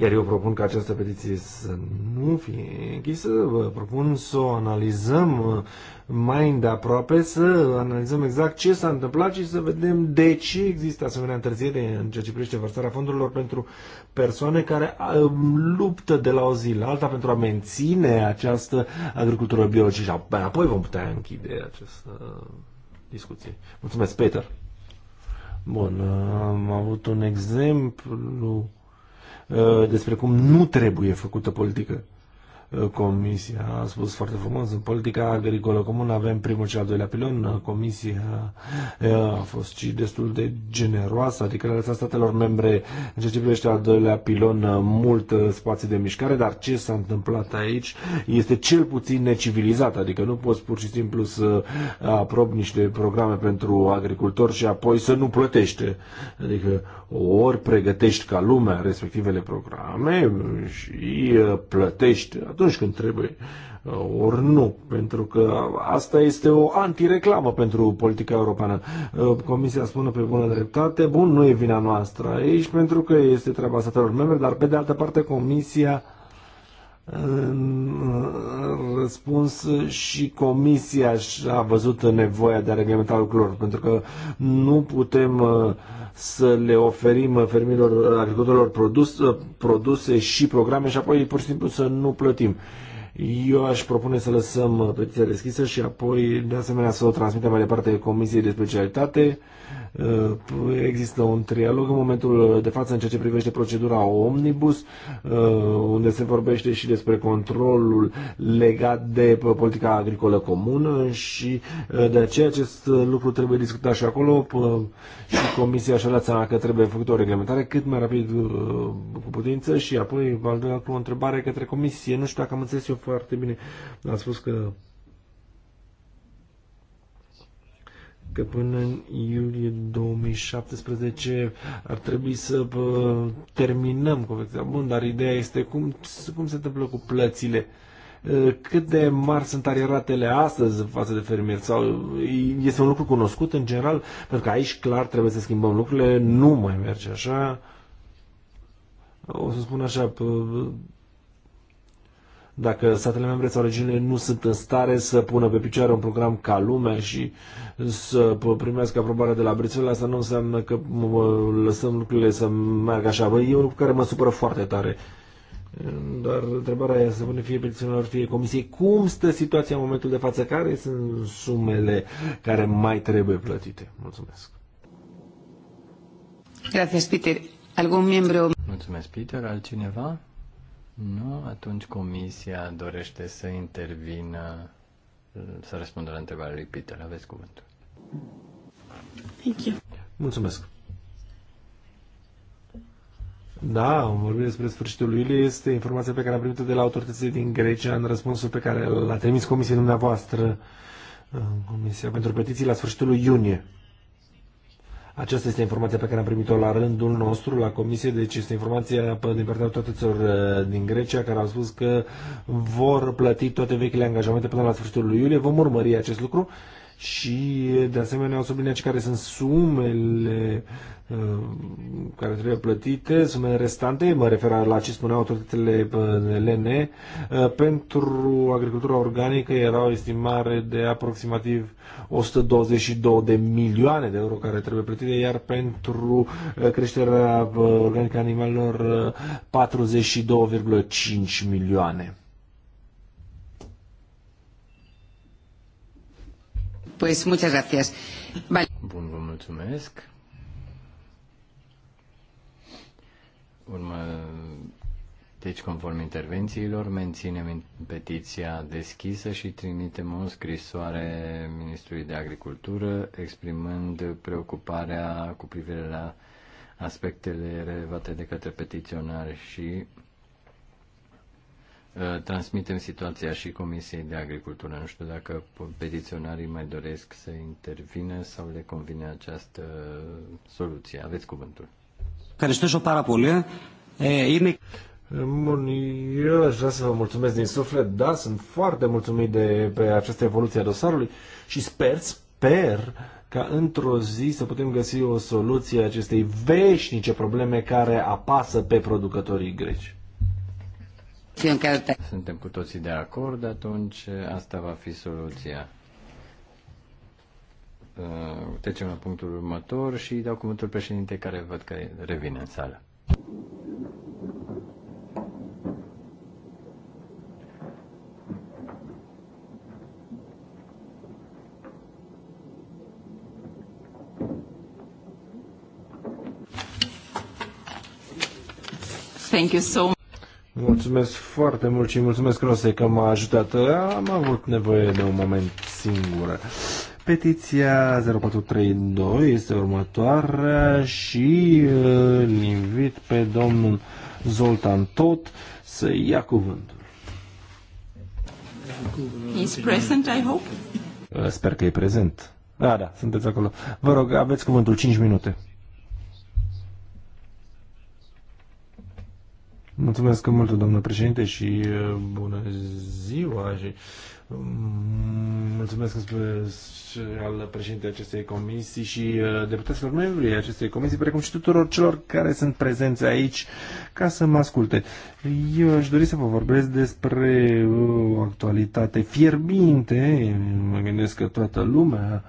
Iar eu propun ca această petiție să nu fie închisă, vă propun să o analizăm uh, mai îndeaproape, să analizăm exact ce s-a întâmplat și să vedem de ce există asemenea întârziere în ceea ce privește vărsarea fondurilor pentru persoane care uh, luptă de la o zi la alta pentru a menține această agricultură biologică. Apoi vom putea închide această discuție. Mulțumesc, Peter! Bun, uh, am avut un exemplu Uh, despre cum nu trebuie făcută politică. Comisia a spus foarte frumos, în politica agricolă comună avem primul și al doilea pilon, Comisia eh, a fost și destul de generoasă, adică la a lăsat statelor membre în ceea ce privește al doilea pilon eh, mult eh, spații de mișcare, dar ce s-a întâmplat aici este cel puțin necivilizat, adică nu poți pur și simplu să aprobi niște programe pentru agricultori și apoi să nu plătește. Adică ori pregătești ca lumea respectivele programe și plătești atunci când trebuie, uh, ori nu, pentru că asta este o antireclamă pentru politica europeană. Uh, Comisia spune pe bună dreptate, bun, nu e vina noastră aici, pentru că este treaba statelor membre, dar pe de altă parte Comisia în răspuns și Comisia a văzut nevoia de a reglementa lucrurilor, pentru că nu putem uh, să le oferim fermierilor, agricultorilor produs, uh, produse și programe și apoi pur și simplu să nu plătim. Eu aș propune să lăsăm uh, petiția deschisă și apoi, de asemenea, să o transmitem mai departe Comisiei de Specialitate Uh, există un trialog în momentul de față în ceea ce privește procedura omnibus, uh, unde se vorbește și despre controlul legat de politica agricolă comună și uh, de aceea acest lucru trebuie discutat și acolo și Comisia și-a dat seama că trebuie făcută o reglementare cât mai rapid cu putință și apoi, al doilea lucru, o întrebare către Comisie. Nu știu dacă am înțeles eu foarte bine. A spus că că până în iulie 2017 ar trebui să terminăm confecția. Bun, dar ideea este cum, cum se întâmplă cu plățile ă, cât de mari sunt arieratele astăzi față de fermieri sau este un lucru cunoscut în general pentru că aici clar trebuie să schimbăm lucrurile nu mai merge așa o să spun așa dacă statele membre sau regiunile nu sunt în stare să pună pe picioare un program ca lumea și să primească aprobarea de la Bruxelles, asta nu înseamnă că lăsăm lucrurile să meargă așa. Bă, e un lucru care mă supără foarte tare. Dar întrebarea e să pune fie petiționar, fie comisie. Cum stă situația în momentul de față? Care sunt sumele care mai trebuie plătite? Mulțumesc. Gracias, Peter. Algun membru... Mulțumesc, Peter. Altcineva? Nu, atunci comisia dorește să intervină, să răspundă la întrebarea lui Peter. Aveți cuvântul. Thank you. Mulțumesc. Da, am vorbit despre sfârșitul lui Este informația pe care am primit-o de la autoritățile din Grecia în răspunsul pe care l-a trimis comisia dumneavoastră, uh, Comisia pentru Petiții, la sfârșitul lui iunie. Aceasta este informația pe care am primit-o la rândul nostru, la comisie, deci este informația din partea toate țărilor uh, din Grecia care au spus că vor plăti toate vechile angajamente până la sfârșitul lui iulie. Vom urmări acest lucru și de asemenea au subliniat care sunt sumele uh, care trebuie plătite, sumele restante, mă refer la ce spuneau autoritățile uh, LN, uh, pentru agricultura organică era o estimare de aproximativ 122 de milioane de euro care trebuie plătite, iar pentru creșterea organică animalelor 42,5 milioane. Pues muchas gracias. Vale. Bun, vă mulțumesc. Urmă, deci, conform intervențiilor, menținem petiția deschisă și trimitem o scrisoare Ministrului de Agricultură exprimând preocuparea cu privire la aspectele relevate de către petiționari și Uh, transmitem situația și Comisiei de Agricultură. Nu știu dacă petiționarii mai doresc să intervină sau le convine această soluție. Aveți cuvântul. Ευχαριστήσω πάρα πολύ. Ε, είναι... Eu aș vrea să vă mulțumesc din suflet, da, sunt foarte mulțumit de pe această evoluție a dosarului și sper, sper ca într-o zi să putem găsi o soluție acestei veșnice probleme care apasă pe producătorii greci. Suntem cu toții de acord, atunci asta va fi soluția. Uh, trecem la punctul următor și dau cuvântul președinte care văd că revine în sală. Thank you so much. Mulțumesc foarte mult și mulțumesc, Rose, că m-a ajutat. Am avut nevoie de un moment singur. Petiția 0432 este următoarea și îl invit pe domnul Zoltan Tot să ia cuvântul. He's present, I hope. Sper că e prezent. Da, da, sunteți acolo. Vă rog, aveți cuvântul 5 minute. Mulțumesc mult, domnule președinte, și bună ziua și mm, mulțumesc al președintei acestei comisii și deputaților membrii acestei comisii, precum și tuturor celor care sunt prezenți aici ca să mă asculte. Eu aș dori să vă vorbesc despre o actualitate fierbinte, mă gândesc că toată lumea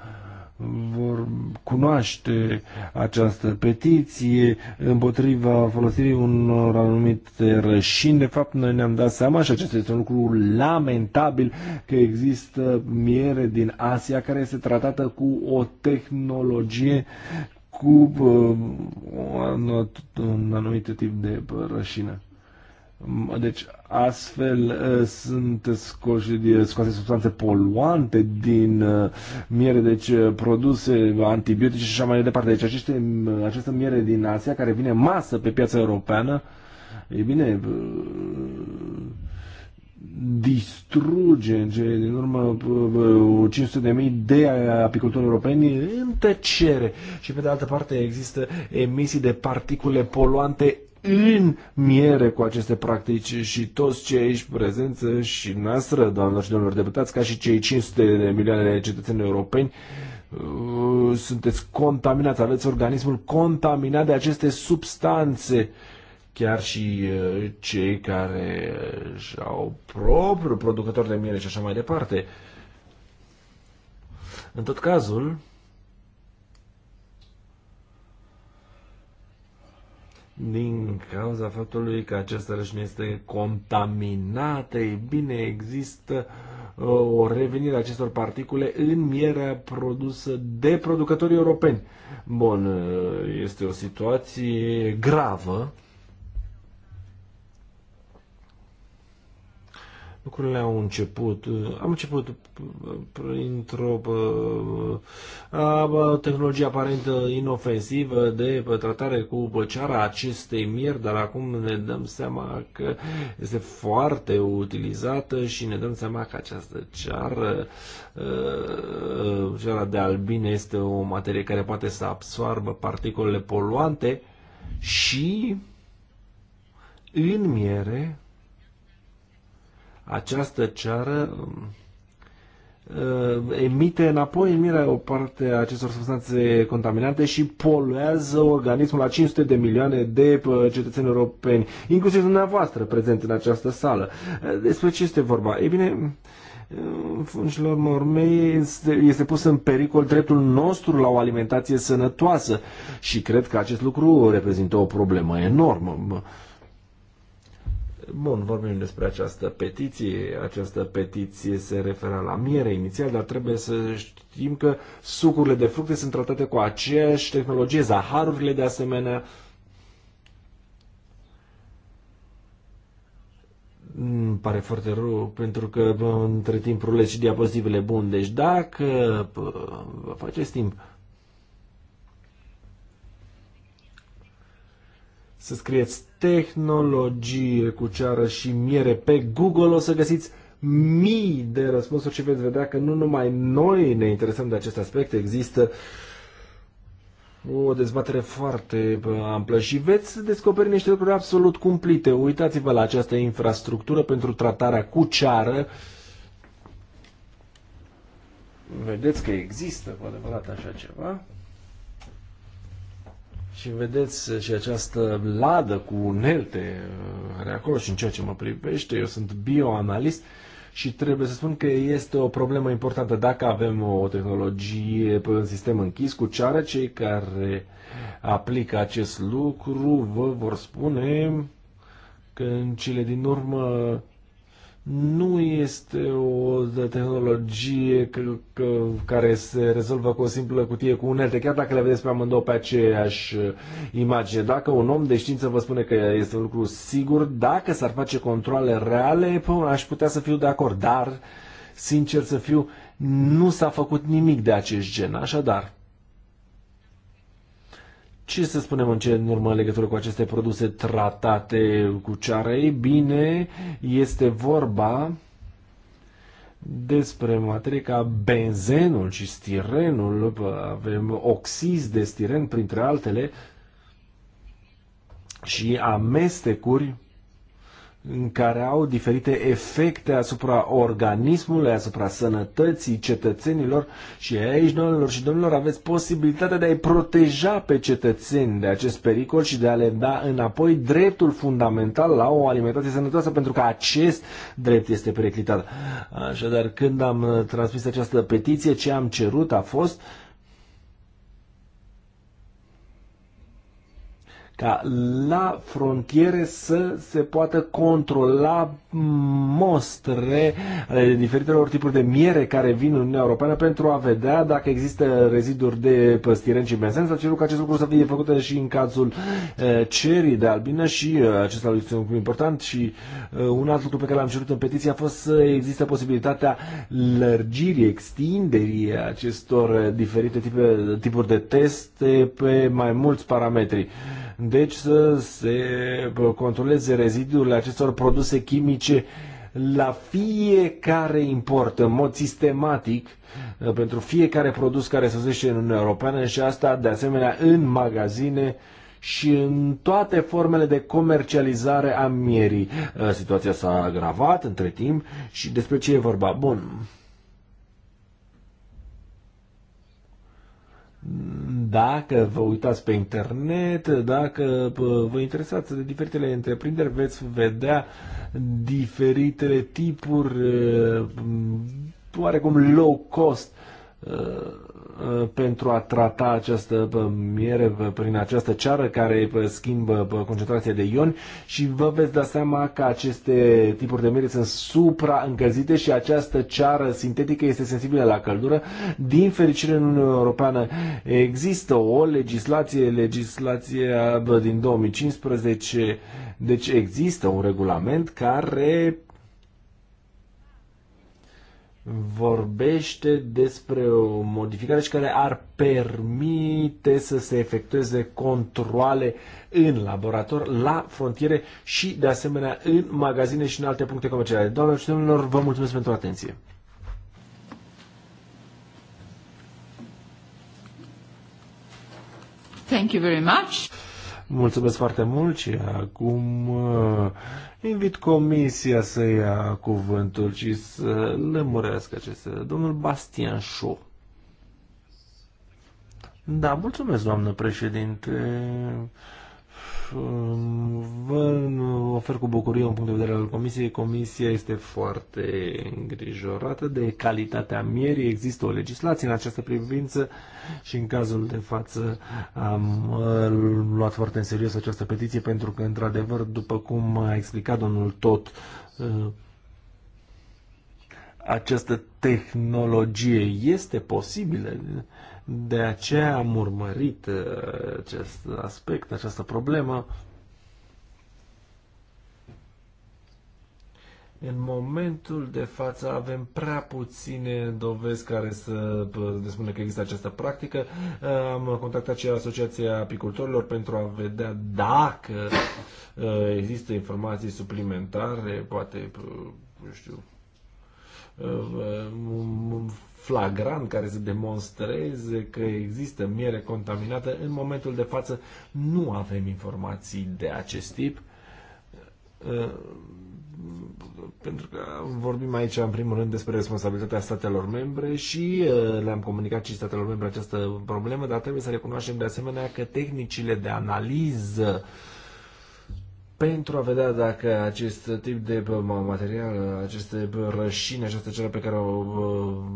vor cunoaște această petiție împotriva folosirii unor anumite rășini. De fapt, noi ne-am dat seama și acesta este un lucru lamentabil că există miere din Asia care este tratată cu o tehnologie cu uh, un anumit tip de rășină. Deci, astfel uh, sunt scoase substanțe poluante din uh, miere, deci uh, produse antibiotice și așa mai departe. Deci, aceste, această miere din Asia care vine masă pe piața europeană, e bine, distruge în cele din urmă 500.000 de apicultori europeni în tăcere. Și pe de altă parte există emisii de particule poluante în miere cu aceste practici și toți cei aici prezență și noastră, doamnelor și domnilor deputați, ca și cei 500 de milioane de cetățeni europeni, uh, sunteți contaminați, aveți organismul contaminat de aceste substanțe chiar și uh, cei care uh, au propriu producător de miere și așa mai departe. În tot cazul, din cauza faptului că această rășină este contaminată, e bine, există uh, o revenire a acestor particule în mierea produsă de producătorii europeni. Bun, uh, este o situație gravă, lucrurile au început. Uh, am început uh, printr-o uh, tehnologie aparent inofensivă de tratare cu ceara acestei mieri, dar acum ne dăm seama că este foarte utilizată și ne dăm seama că această ceară, ceara de albine este o materie care poate să absoarbă particolele poluante și în miere această ceară uh, emite înapoi în mire o parte a acestor substanțe contaminante și poluează organismul la 500 de milioane de uh, cetățeni europeni, inclusiv dumneavoastră prezent în această sală. Uh, despre ce este vorba? Ei bine, funcilor mormei este, este pus în pericol dreptul nostru la o alimentație sănătoasă și cred că acest lucru reprezintă o problemă enormă. Bun, vorbim despre această petiție. Această petiție se referă la miere inițial, dar trebuie să știm că sucurile de fructe sunt tratate cu aceeași tehnologie, zaharurile de asemenea. Îmi pare foarte rău, pentru că între timp rulez și diapozitivele bun. Deci dacă vă faceți timp să scrieți tehnologie cu ceară și miere pe Google, o să găsiți mii de răspunsuri și veți vedea că nu numai noi ne interesăm de acest aspect, există o dezbatere foarte amplă și veți descoperi niște lucruri absolut cumplite. Uitați-vă la această infrastructură pentru tratarea cu ceară. Vedeți că există cu adevărat așa ceva. Și vedeți și această ladă cu unelte uh, are acolo și în ceea ce mă privește, eu sunt bioanalist și trebuie să spun că este o problemă importantă. Dacă avem o tehnologie pe un sistem închis cu ceară, cei care aplică acest lucru vă vor spune că în cele din urmă nu este o tehnologie care se rezolvă cu o simplă cutie cu unelte, chiar dacă le vedeți pe amândouă pe aceeași uh, imagine. Dacă un om de știință vă spune că este un lucru sigur, dacă s-ar face controle reale, pă, aș putea să fiu de acord, dar, sincer să fiu, nu s-a făcut nimic de acest gen. Așadar, ce să spunem în ce în urmă legătură cu aceste produse tratate cu ceară? Ei bine, este vorba despre materie ca benzenul și stirenul, avem oxiz de stiren printre altele și amestecuri în care au diferite efecte asupra organismului, asupra sănătății cetățenilor și aici, domnilor și domnilor, aveți posibilitatea de a-i proteja pe cetățeni de acest pericol și de a le da înapoi dreptul fundamental la o alimentație sănătoasă, pentru că acest drept este periclitat. Așadar, când am transmis această petiție, ce am cerut a fost uh, ca la frontiere să se poată controla mostre ale diferitelor tipuri de miere care vin în Uniunea Europeană pentru a vedea dacă există reziduri de păstiren în benzen. S-a cerut acest lucru să fie făcut și în cazul eh, cerii de albină și eh, acesta este un lucru important și eh, un alt lucru pe care l-am cerut în petiție a fost să există posibilitatea lărgirii, extinderii acestor diferite tipuri de teste pe mai mulți parametri deci să se controleze rezidurile acestor produse chimice la fiecare import în mod sistematic pentru fiecare produs care se zice în Uniunea Europeană și asta de asemenea în magazine și în toate formele de comercializare a mierii. Situația s-a agravat între timp și despre ce e vorba? Bun. Dacă vă uitați pe internet, dacă vă interesați de diferitele întreprinderi, veți vedea diferitele tipuri uh, oarecum low cost uh, Uh, pentru a trata această miere prin această ceară care schimbă concentrația de ioni și vă veți da seama că aceste tipuri de miere sunt supraîncălzite și această ceară sintetică este sensibilă la căldură. Din fericire în Uniunea Europeană există o legislație, legislația din 2015, deci există un regulament care vorbește despre o modificare și care ar permite să se efectueze controle în laborator, la frontiere și, de asemenea, în magazine și în alte puncte comerciale. Doamnelor și domnilor, vă mulțumesc pentru atenție! Thank you very much. Mulțumesc foarte mult și acum uh, invit comisia să ia cuvântul și să lămurească aceste. Uh, domnul Bastian Șo. Da, mulțumesc, doamnă președinte. Ehm, vă ofer cu bucurie un punct de vedere al Comisiei. Comisia este foarte îngrijorată de calitatea mierii. Există o legislație în această privință și în cazul de față am luat foarte în serios această petiție pentru că, într-adevăr, după cum a explicat domnul Tot, ehm, această tehnologie este posibilă de aceea am urmărit uh, acest aspect, această problemă. În momentul de față avem prea puține dovezi care să uh, ne spună că există această practică. Uh, am contactat și Asociația Apicultorilor pentru a vedea dacă există informații suplimentare, poate, nu știu, flagrant care să demonstreze că există miere contaminată. În momentul de față nu avem informații de acest tip. Uh, pentru că vorbim aici, în primul rând, despre responsabilitatea statelor membre și uh, le-am comunicat și statelor membre această problemă, dar trebuie să recunoaștem de asemenea că tehnicile de analiză uh, pentru a vedea dacă acest tip de material, aceste rășini, această cerere pe care o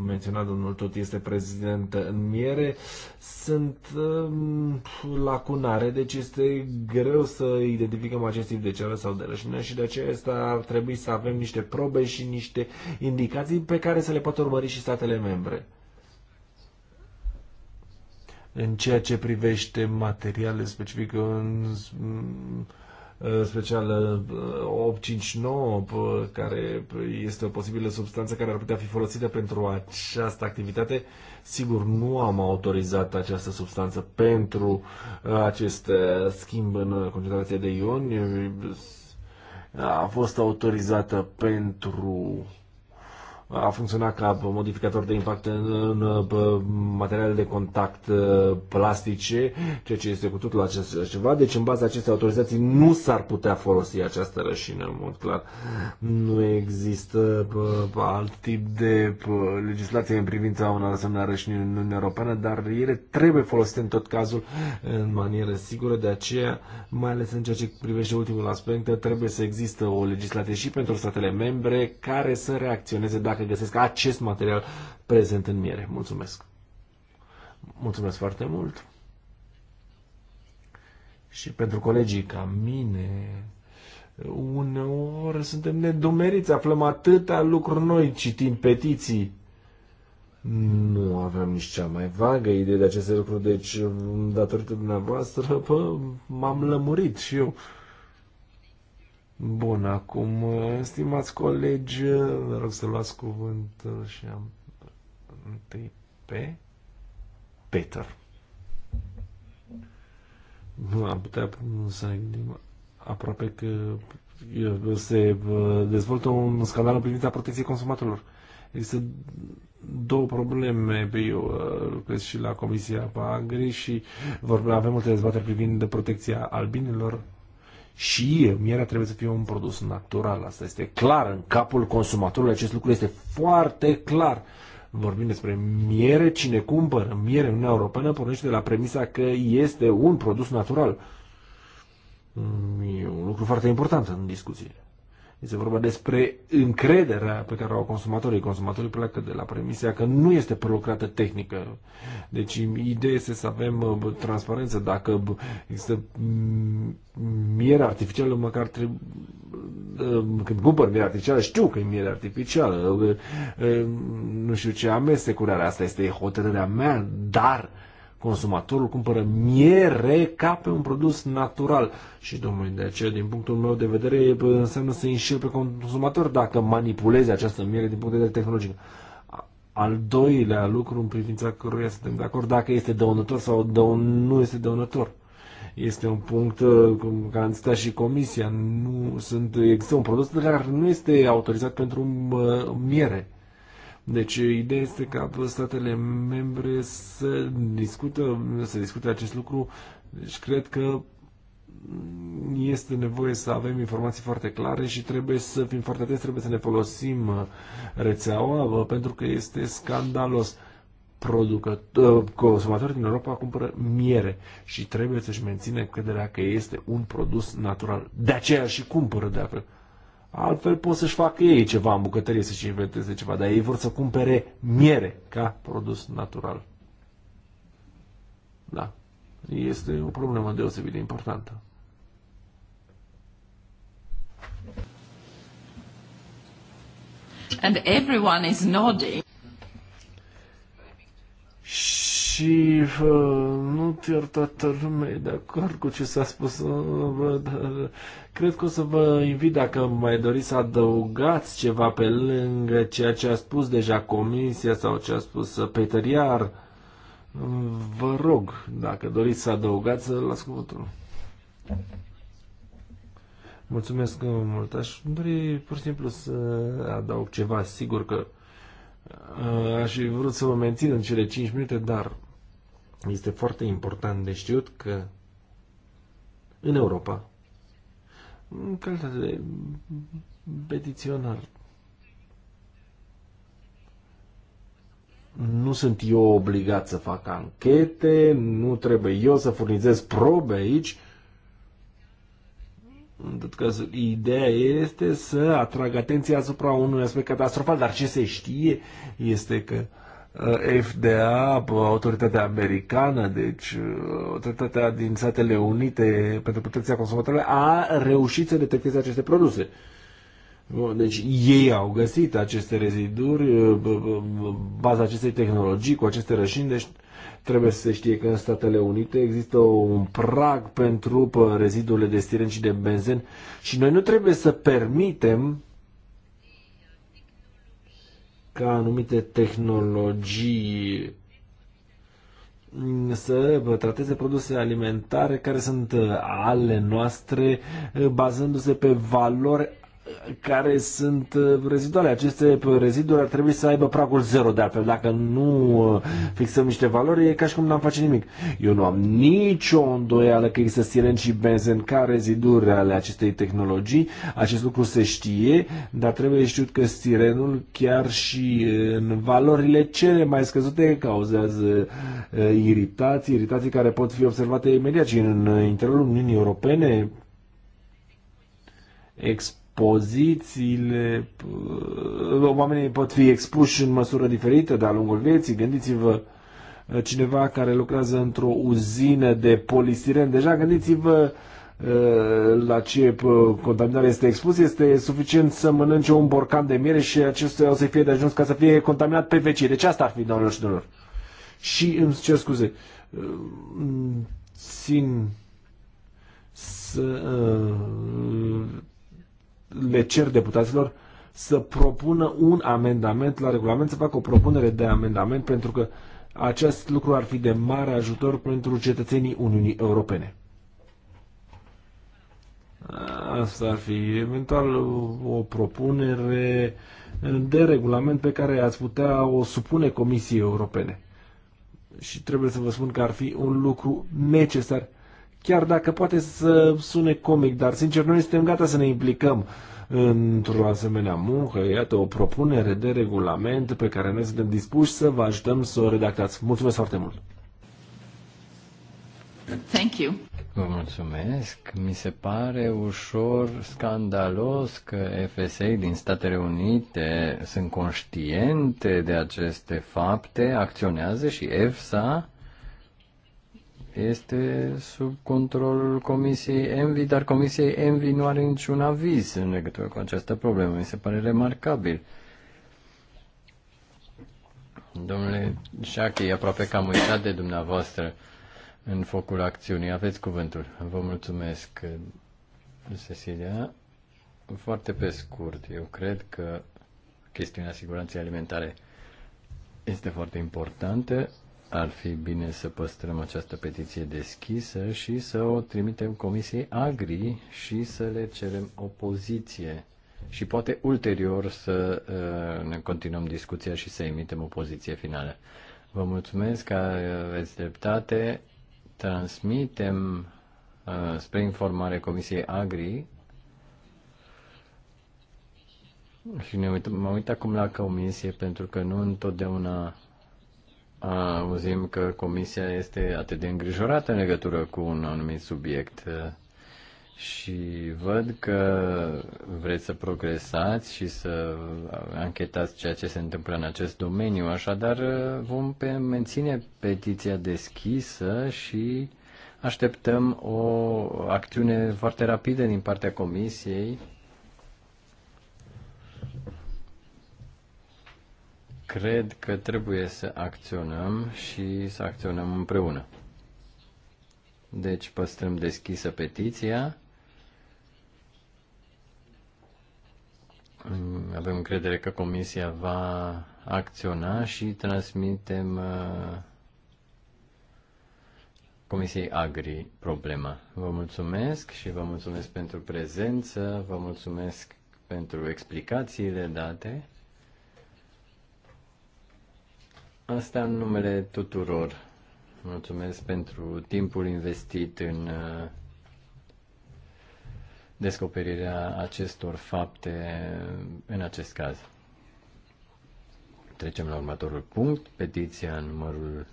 menționat domnul Tot este prezidentă în miere, sunt um, lacunare, deci este greu să identificăm acest tip de cerere sau de rășină și de aceea asta ar trebui să avem niște probe și niște indicații pe care să le poată urmări și statele membre în ceea ce privește materiale specifice. în special 859, uh, care este o posibilă substanță care ar putea fi folosită pentru această activitate. Sigur, nu am autorizat această substanță pentru uh, acest uh, schimb în concentrație de ioni. A fost autorizată pentru uh, a funcționat ca modificator de impact în materiale de contact uh, plastice, ceea ce este cu totul acest ceva. Deci, în baza acestei autorizații, nu s-ar putea folosi această rășină, în mod clar. Nu există uh, alt tip de uh, legislație în privința unor asemenea rășini în Uniunea Europeană, dar ele trebuie folosite în tot cazul în manieră sigură. De aceea, mai ales în ceea ce privește ultimul aspect, trebuie să există o legislație și pentru statele membre care să reacționeze dacă dacă găsesc acest material prezent în miere. Mulțumesc! Mulțumesc foarte mult! Și pentru colegii ca mine, uneori suntem nedumeriți, aflăm atâtea lucruri noi, citim petiții, nu aveam nici cea mai vagă idee de aceste lucruri, deci, datorită dumneavoastră, m-am lămurit și eu. Bun, acum, stimați colegi, vă rog să luați cuvântul și am întâi pe Peter. Nu am putea pronunța inima. Aproape că se uh, dezvoltă un scandal în privința protecției consumatorilor. Există două probleme. Păi, eu uh, lucrez și la Comisia Agri și vorbim, avem multe dezbateri privind protecția albinilor și mierea trebuie să fie un produs natural. Asta este clar în capul consumatorului. Acest lucru este foarte clar. Vorbim despre miere. Cine cumpără miere în Uniunea Europeană pornește de la premisa că este un produs natural. Mm, e un lucru foarte important în discuțiile. Este vorba despre încrederea pe care o au consumatorii. Consumatorii pleacă de la premisia că nu este prelucrată tehnică. Deci ideea este să avem uh, transparență. Dacă există mm, miere artificială, măcar trebuie uh, când cumpăr miere artificială, știu că e miere artificială. Uh, nu știu ce amestecurare. Asta este hotărârea mea, dar uh, Consumatorul cumpără miere ca pe un produs natural. Și, domnule, de aceea, din punctul meu de vedere, înseamnă să înșel pe consumator dacă manipulezi această miere din punct de vedere tehnologic. Al doilea lucru în privința căruia suntem de acord, dacă este dăunător sau dăun, nu este dăunător este un punct uh, cum a înțeles și comisia. Nu sunt, există un produs care nu este autorizat pentru uh, miere. Deci ideea este ca statele membre să discută, să discute acest lucru. Deci cred că este nevoie să avem informații foarte clare și trebuie să fim foarte atenți, trebuie să ne folosim uh, rețeaua uh, pentru că este scandalos. Producător, uh, consumatorii din Europa cumpără miere și trebuie să-și menține crederea că este un produs natural. De aceea și cumpără de acolo. Altfel pot să-și facă ei ceva în bucătărie, să-și inventeze ceva, dar ei vor să cumpere miere ca produs natural. Da. Este o problemă deosebit de importantă. And everyone is nodding și uh, nu chiar toată lumea e de acord cu ce s-a spus. Uh, dar cred că o să vă invit dacă mai doriți să adăugați ceva pe lângă ceea ce a spus deja comisia sau ce a spus Peter Iar. Vă rog, dacă doriți să adăugați, las cuvântul. Mulțumesc mult. Aș dori pur și simplu să adaug ceva. Sigur că uh, aș fi vrut să vă mențin în cele 5 minute, dar este foarte important de știut că în Europa, în calitate de petiționar, nu sunt eu obligat să fac anchete, nu trebuie eu să furnizez probe aici. În tot cazul, ideea este să atrag atenția asupra unui aspect catastrofal, dar ce se știe este că uh, Eh, FDA, autoritatea americană, deci eh, autoritatea din Statele Unite pentru protecția consumatorilor, a reușit să detecteze aceste produse. Deci ei au găsit aceste reziduri, eh, baza acestei tehnologii, cu aceste rășini, deci trebuie să se știe că în Statele Unite există un prag pentru rezidurile de stiren și de benzen și noi nu trebuie să permitem ca anumite tehnologii să trateze produse alimentare care sunt ale noastre bazându-se pe valori care sunt uh, reziduale. Aceste reziduri ar trebui să aibă pragul zero, de altfel dacă nu uh, fixăm niște valori, e ca și cum n-am face nimic. Eu nu am nicio îndoială că există siren și benzen ca reziduri ale acestei tehnologii. Acest lucru se știe, dar trebuie știut că sirenul chiar și în valorile cele mai scăzute cauzează uh, iritații, iritații care pot fi observate imediat și în interiorul Uniunii Europene. Exp- pozițiile, oamenii pot fi expuși în măsură diferită de-a lungul vieții. Gândiți-vă ă, cineva care lucrează într-o uzină de polistiren. Deja gândiți-vă ă, la ce contaminare este expus, este suficient să mănânce un borcan de miere și acesta o să fie de ajuns ca să fie contaminat pe vecie. Deci asta ar fi, doamnelor și domnilor. Și îmi cer scuze, ă, țin să le cer deputaților să propună un amendament la regulament, să facă o propunere de amendament, pentru că acest lucru ar fi de mare ajutor pentru cetățenii Uniunii Europene. Asta ar fi eventual o propunere de regulament pe care ați putea o supune Comisiei Europene. Și trebuie să vă spun că ar fi un lucru necesar chiar dacă poate să sune comic, dar sincer noi suntem gata să ne implicăm într-o asemenea muncă. Iată o propunere de regulament pe care noi suntem dispuși să vă ajutăm să o redactați. Mulțumesc foarte mult! Thank you. Vă mulțumesc. Mi se pare ușor scandalos că FSA din Statele Unite sunt conștiente de aceste fapte, acționează și EFSA este sub controlul Comisiei Envi, dar Comisiei Envi nu are niciun aviz în legătură cu această problemă. Mi se pare remarcabil. Domnule Șache, aproape că am uitat de dumneavoastră în focul acțiunii. Aveți cuvântul. Vă mulțumesc, Cecilia. Foarte pe scurt, eu cred că chestiunea siguranței alimentare este foarte importantă ar fi bine să păstrăm această petiție deschisă și să o trimitem Comisiei Agri și să le cerem o poziție și poate ulterior să uh, ne continuăm discuția și să emitem o poziție finală. Vă mulțumesc că aveți dreptate. Transmitem uh, spre informare Comisiei Agri și ne uităm, mă uit acum la comisie pentru că nu întotdeauna auzim că Comisia este atât de îngrijorată în legătură cu un anumit subiect uh, și văd că vreți să progresați și să anchetați ceea ce se întâmplă în acest domeniu. Așadar, uh, vom pe, menține petiția deschisă și așteptăm o acțiune foarte rapidă din partea Comisiei cred că trebuie să acționăm și să acționăm împreună. Deci păstrăm deschisă petiția. Avem încredere că comisia va acționa și transmitem uh, Comisiei Agri problema. Vă mulțumesc și vă mulțumesc pentru prezență, vă mulțumesc pentru explicațiile date. Asta în numele tuturor. Mulțumesc pentru timpul investit în uh, descoperirea acestor fapte uh, în acest caz. Trecem la următorul punct, petiția numărul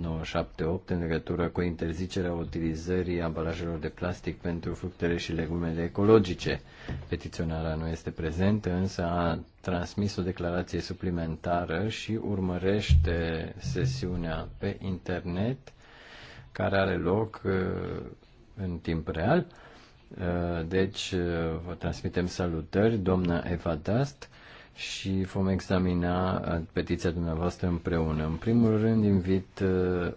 978 în legătură cu interzicerea utilizării ambalajelor de plastic pentru fructele și legumele ecologice. Petiționarea nu este prezentă, însă a transmis o declarație suplimentară și urmărește sesiunea pe internet care are loc uh, în timp real. Uh, deci uh, vă transmitem salutări, doamna Eva Dast și vom examina uh, petiția dumneavoastră împreună. În primul rând, invit uh,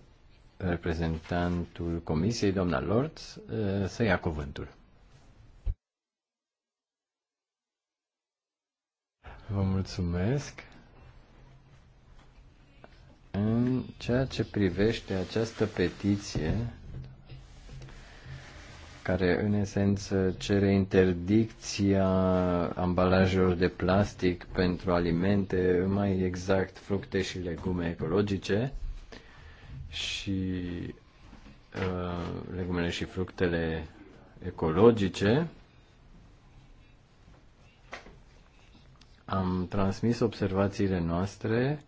reprezentantul Comisiei, doamna Lord, uh, să ia cuvântul. Vă mulțumesc. În ceea ce privește această petiție, care în esență cere interdicția ambalajelor de plastic pentru alimente, mai exact fructe și legume ecologice și uh, legumele și fructele ecologice. Am transmis observațiile noastre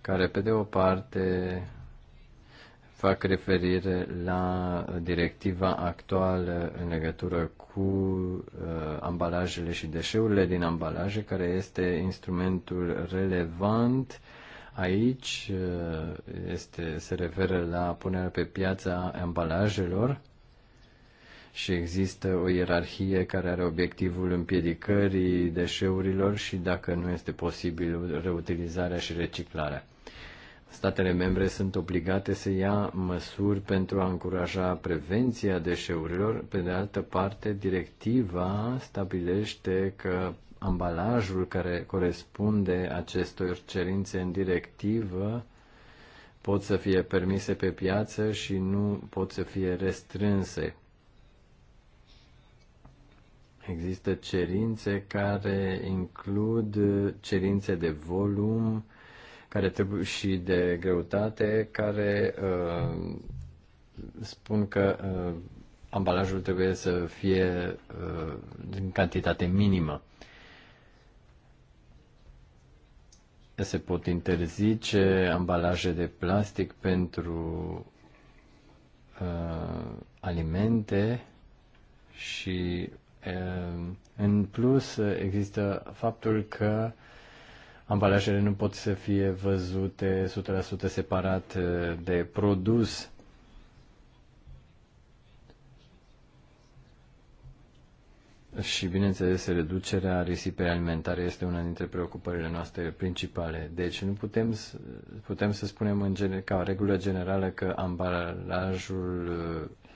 care pe de o parte fac referire la directiva actuală în legătură cu uh, ambalajele și deșeurile din ambalaje, care este instrumentul relevant aici, uh, este, se referă la punerea pe piața ambalajelor și există o ierarhie care are obiectivul împiedicării deșeurilor și dacă nu este posibil reutilizarea și reciclarea statele membre sunt obligate să ia măsuri pentru a încuraja prevenția deșeurilor. Pe de altă parte, directiva stabilește că ambalajul care corespunde acestor cerințe în directivă pot să fie permise pe piață și nu pot să fie restrânse. Există cerințe care includ cerințe de volum, care trebuie și de greutate, care uh, spun că uh, ambalajul trebuie să fie uh, în cantitate minimă. Se pot interzice ambalaje de plastic pentru uh, alimente și uh, în plus există faptul că uh, ambalajele nu pot să fie văzute 100% separat eh, de produs. Și, bineînțeles, reducerea risipei alimentare este una dintre preocupările noastre principale. Deci nu putem, putem să spunem în gener, ca regulă generală că ambalajul eh,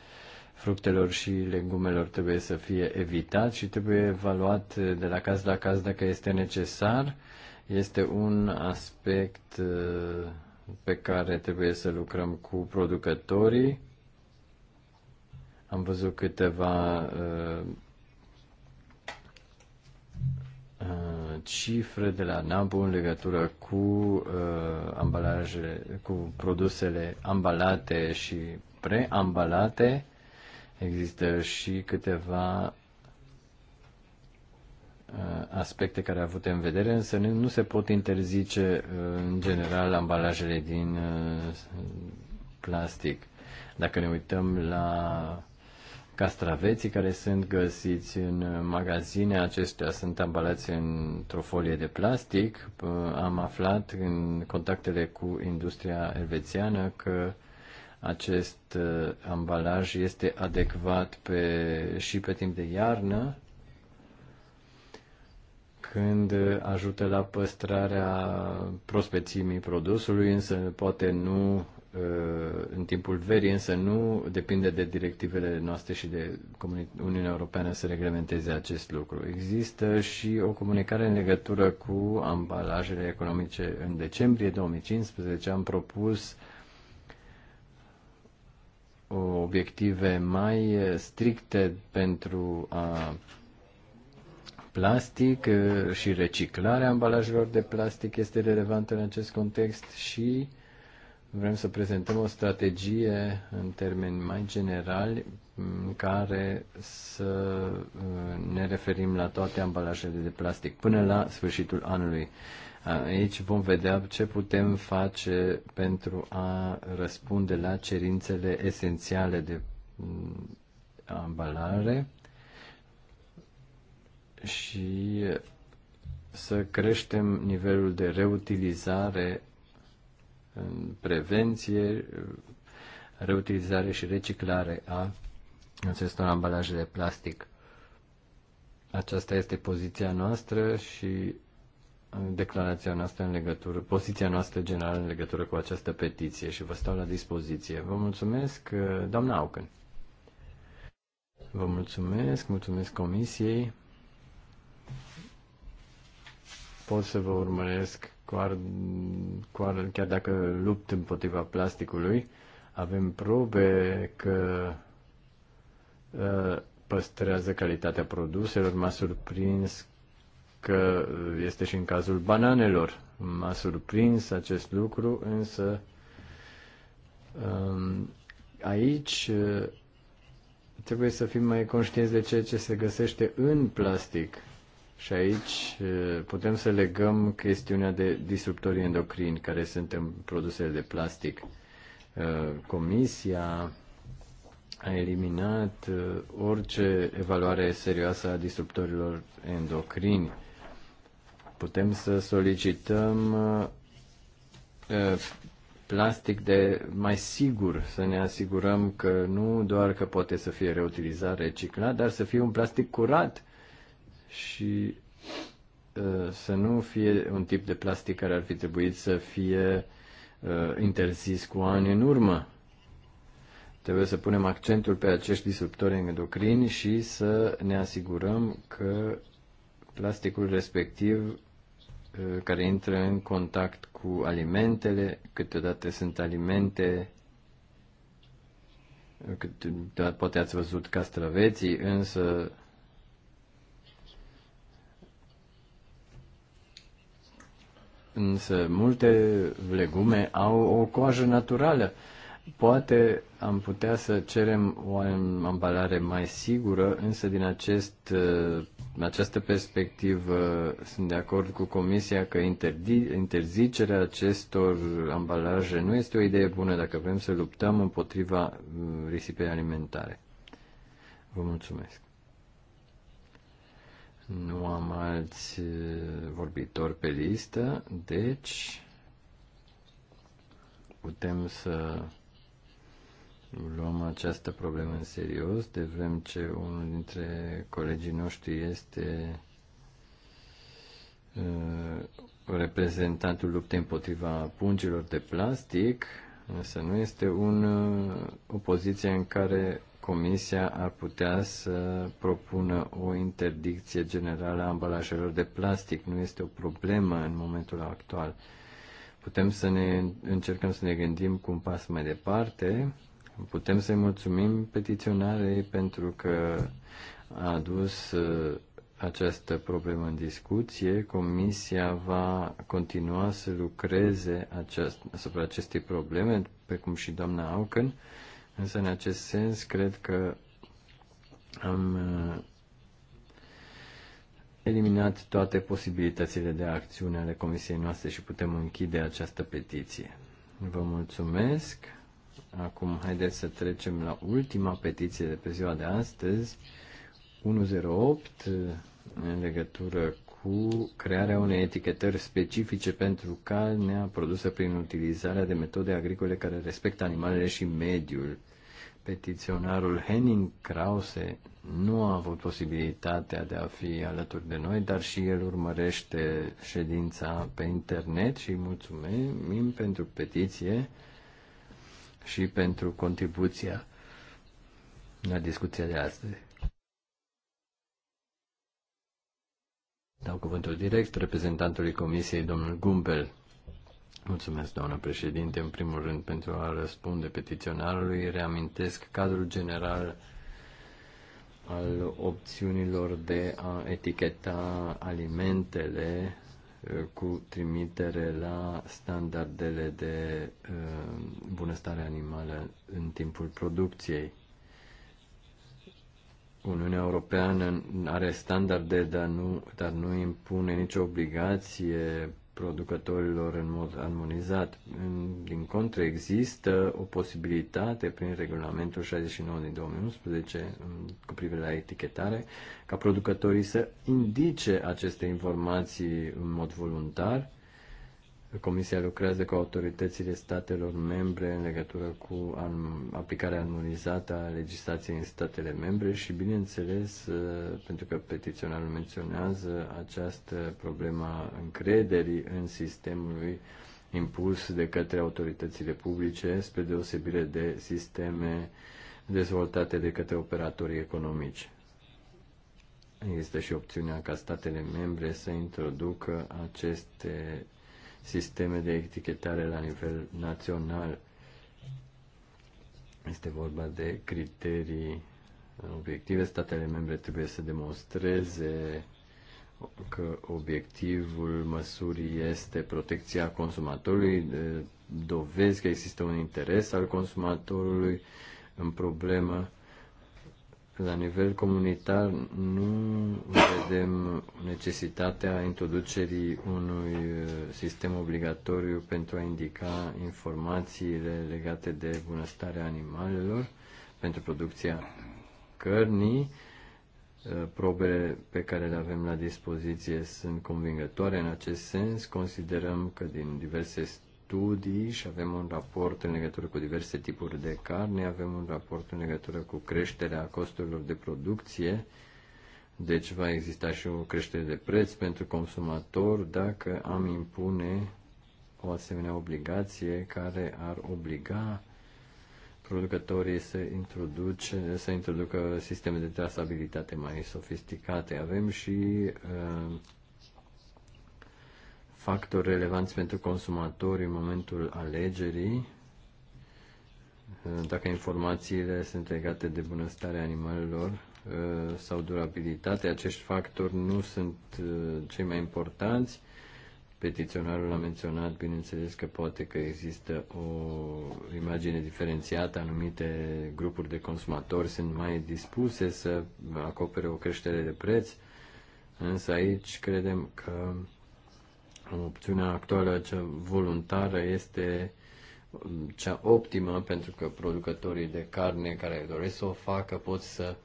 fructelor și legumelor trebuie să fie evitat și trebuie evaluat eh, de la caz la caz dacă este necesar este un aspect uh, pe care trebuie să lucrăm cu producătorii. Am văzut câteva uh, uh, cifre de la NABU în legătură cu uh, cu produsele ambalate și preambalate. Există și câteva Uh, aspecte care avute în vedere, însă nu se pot interzice uh, în general ambalajele din uh, plastic. Dacă ne uităm la castraveții care sunt găsiți în magazine, acestea sunt ambalați într-o folie de plastic. Am aflat în contactele cu industria elvețiană că acest ambalaj este adecvat pe, și pe timp de iarnă când ajută la păstrarea prospețimii produsului, însă poate nu uh, în timpul verii, însă nu depinde de directivele noastre și de Uniunea Europeană să reglementeze acest lucru. Există și o comunicare în legătură cu ambalajele economice. În decembrie 2015 am propus obiective mai stricte pentru a plastic uh, și reciclarea ambalajelor de plastic este relevantă în acest context și vrem să prezentăm o strategie în termeni mai generali în care să uh, ne referim la toate ambalajele de plastic până la sfârșitul anului. Aici vom vedea ce putem face pentru a răspunde la cerințele esențiale de mm, ambalare și să creștem nivelul de reutilizare în prevenție, reutilizare și reciclare a acestor ambalaje de plastic. Aceasta este poziția noastră și declarația noastră în legătură, poziția noastră generală în legătură cu această petiție și vă stau la dispoziție. Vă mulțumesc, doamna Auken. Vă mulțumesc, mulțumesc comisiei pot să vă urmăresc cu cu chiar dacă lupt împotriva plasticului. Avem probe că uh, păstrează calitatea produselor. M-a surprins că este și în cazul bananelor. M-a surprins acest lucru, însă um, aici uh, trebuie să fim mai conștienți de ceea ce se găsește în plastic și aici eh, putem să legăm chestiunea de disruptorii endocrini, care sunt produsele de plastic. Eh, comisia a eliminat eh, orice evaluare serioasă a disruptorilor endocrini. Putem să solicităm plastic de mai sigur, să ne asigurăm că nu doar că poate să fie reutilizat, reciclat, dar să fie un plastic curat și uh, să nu fie un tip de plastic care ar fi trebuit să fie uh, interzis cu ani în urmă. Trebuie să punem accentul pe acești disruptori endocrini și să ne asigurăm că plasticul respectiv uh, care intră în contact cu alimentele, câteodată sunt alimente, câteodată poate ați văzut castraveții, însă însă multe legume au o coajă naturală. Poate am putea să cerem o ambalare mai sigură, însă din acest, această perspectivă sunt de acord cu Comisia că interzicerea acestor ambalaje nu este o idee bună dacă vrem să luptăm împotriva risipei alimentare. Vă mulțumesc. Nu am alți vorbitori pe listă, deci putem să luăm această problemă în serios, de vrem ce unul dintre colegii noștri este reprezentantul luptei împotriva pungilor de plastic, însă nu este un, o poziție în care Comisia ar putea să propună o interdicție generală a ambalajelor de plastic. Nu este o problemă în momentul actual. Putem să ne încercăm să ne gândim cu un pas mai departe. Putem să-i mulțumim petiționarei pentru că a adus uh, această problemă în discuție. Comisia va continua să lucreze asupra acestei probleme, pe cum și doamna Auken Însă, în acest sens, cred că am uh, eliminat toate posibilitățile de acțiune ale comisiei noastre și putem închide această petiție. Vă mulțumesc. Acum haideți să trecem la ultima petiție de pe ziua de astăzi, 108, în legătură cu crearea unei etichetări specifice pentru carnea produsă prin utilizarea de metode agricole care respectă animalele și mediul. Petiționarul Henning Krause nu a avut posibilitatea de a fi alături de noi, dar și el urmărește ședința pe internet și mulțumim pentru petiție și pentru contribuția la discuția de astăzi. Dau cuvântul direct reprezentantului Comisiei, domnul Gumbel. Mulțumesc, doamnă președinte. În primul rând, pentru a răspunde petiționarului, reamintesc cadrul general al opțiunilor de a eticheta alimentele uh, cu trimitere la standardele de uh, bunăstare animală în timpul producției. Uniunea Europeană are standarde, dar nu, dar nu impune nicio obligație producătorilor în mod armonizat. Din contră, există o posibilitate prin regulamentul 69 din 2011 cu privire la etichetare ca producătorii să indice aceste informații în mod voluntar Comisia lucrează cu autoritățile statelor membre în legătură cu aplicarea armonizată a legislației în statele membre și, bineînțeles, uh, pentru că petiționarul menționează această problema încrederii în sistemul impuls de către autoritățile publice, spre deosebire de sisteme dezvoltate de către operatorii economici. Există și opțiunea ca statele membre să introducă aceste sisteme de etichetare la nivel național. Este vorba de criterii obiective. Statele membre trebuie să demonstreze că obiectivul măsurii este protecția consumatorului, dovezi că există un interes al consumatorului în problemă la nivel comunitar nu vedem necesitatea introducerii unui uh, sistem obligatoriu pentru a indica informațiile legate de bunăstarea animalelor pentru producția cărnii. Uh, Probele pe care le avem la dispoziție sunt convingătoare în acest sens. Considerăm că din diverse studii și avem un raport în legătură cu diverse tipuri de carne, avem un raport în legătură cu creșterea costurilor de producție, deci va exista și o creștere de preț pentru consumator dacă am impune o asemenea obligație care ar obliga producătorii să, introduce, să introducă sisteme de trasabilitate mai sofisticate. Avem și uh, factori relevanți pentru consumatori în momentul alegerii, eh, dacă informațiile sunt legate de bunăstarea animalelor eh, sau durabilitate, acești factori nu sunt eh, cei mai importanți. Petiționarul a menționat, bineînțeles, că poate că există o imagine diferențiată, anumite grupuri de consumatori sunt mai dispuse să acopere o creștere de preț, însă aici credem că Opțiunea actuală, cea voluntară, este um, cea optimă pentru că producătorii de carne care doresc să o facă pot să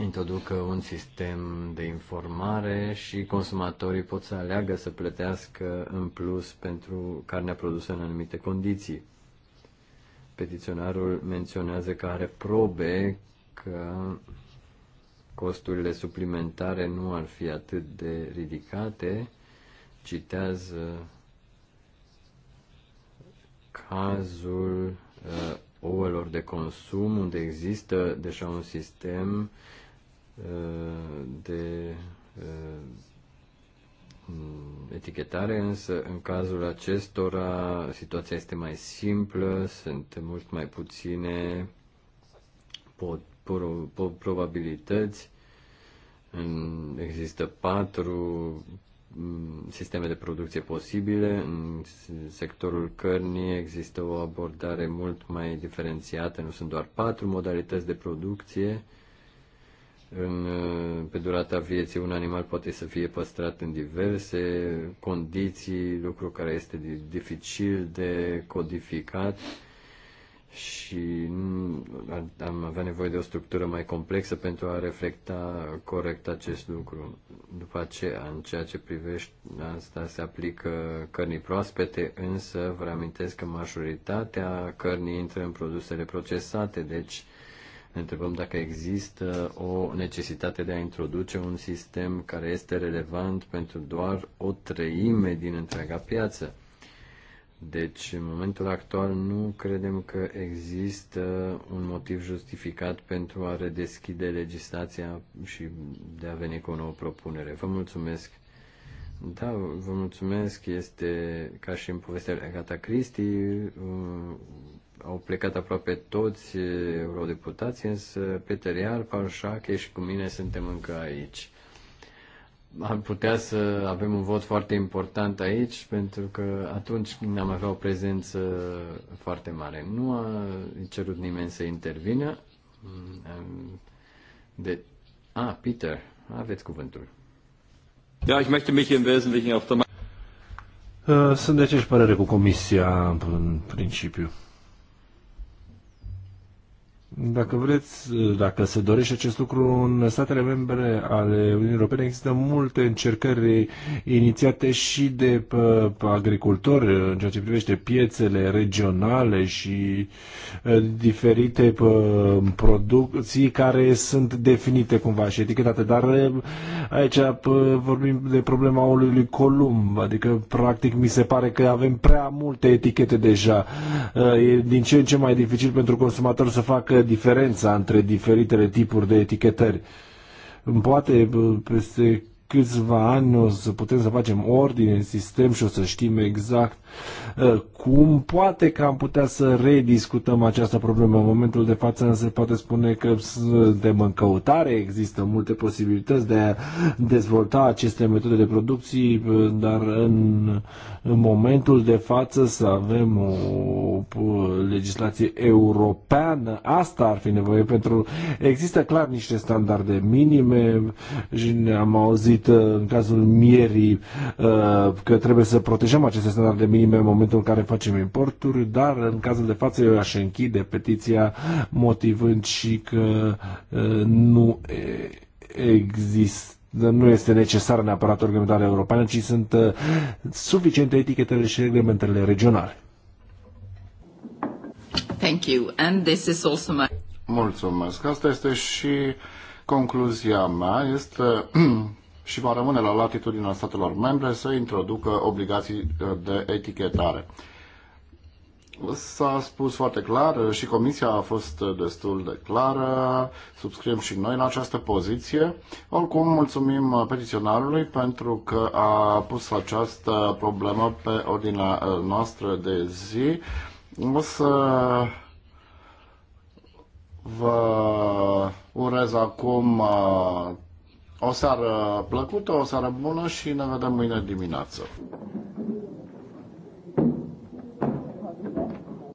introducă un sistem de informare și consumatorii pot să aleagă să plătească în plus pentru carnea produsă în anumite condiții. Petiționarul menționează că are probe că costurile suplimentare nu ar fi atât de ridicate, citează cazul uh, ouălor de consum, unde există deja un sistem uh, de uh, etichetare, însă în cazul acestora situația este mai simplă, sunt mult mai puține pot, probabilități. Există patru mm, sisteme de producție posibile. În sectorul cărnii există o abordare mult mai diferențiată, nu sunt doar patru modalități de producție. În, pe durata vieții un animal poate să fie păstrat în diverse condiții, lucru care este dificil de codificat și am avea nevoie de o structură mai complexă pentru a reflecta corect acest lucru. După aceea, în ceea ce privește asta, se aplică cărnii proaspete, însă vă reamintesc că majoritatea cărnii intră în produsele procesate, deci întrebăm dacă există o necesitate de a introduce un sistem care este relevant pentru doar o treime din întreaga piață deci, în momentul actual, nu credem că există un motiv justificat pentru a redeschide legislația și de a veni cu o nouă propunere. Vă mulțumesc! Da, vă mulțumesc. Este ca și în povestea Agata Cristi. Uh, au plecat aproape toți uh, eurodeputații, însă Peter Iar, Paul Șache și cu mine suntem încă aici am putea să avem un vot foarte important aici, pentru că atunci am avea o prezență foarte mare. Nu a cerut nimeni să intervină. Mm, de... Ah, Peter, aveți cuvântul. Da, ich möchte mich im Wesentlichen auf der... Uh, sunt de aceeași părere cu Comisia în principiu. Dacă vreți, dacă se dorește acest lucru în statele membre ale Uniunii Europene, există multe încercări inițiate și de agricultori în ceea ce privește piețele regionale și ă, diferite producții care sunt definite cumva și etichetate. Dar ă, aici vorbim de problema olului columb, adică practic mi se pare că avem prea multe etichete deja. Ă, e din ce în ce mai dificil pentru consumator să facă diferența între diferitele tipuri de etichetări. Poate peste câțiva ani o să putem să facem ordine în sistem și o să știm exact uh, cum. Poate că am putea să rediscutăm această problemă. În momentul de față se poate spune că suntem în căutare, există multe posibilități de a dezvolta aceste metode de producții, uh, dar în, în momentul de față să avem o legislație europeană, asta ar fi nevoie pentru... Există clar niște standarde minime și am auzit vorbit uh, în cazul mierii uh, că trebuie să protejăm aceste standarde minime în momentul în care facem importuri, dar în cazul de față eu aș închide petiția motivând și că uh, nu există nu este necesară neapărat o reglementare europeană, ci sunt suficiente etichetele și reglementele regionale. Thank you. And this is also my... Mulțumesc. Asta este și concluzia mea. Este și va rămâne la latitudinea statelor membre să introducă obligații uh, de etichetare. S-a spus foarte clar uh, și Comisia a fost uh, destul de clară, subscriem și noi la această poziție. Oricum, mulțumim petiționarului pentru că a pus această problemă pe ordinea noastră de zi. O să vă urez acum o seară plăcută, o seară bună și ne vedem mâine dimineață.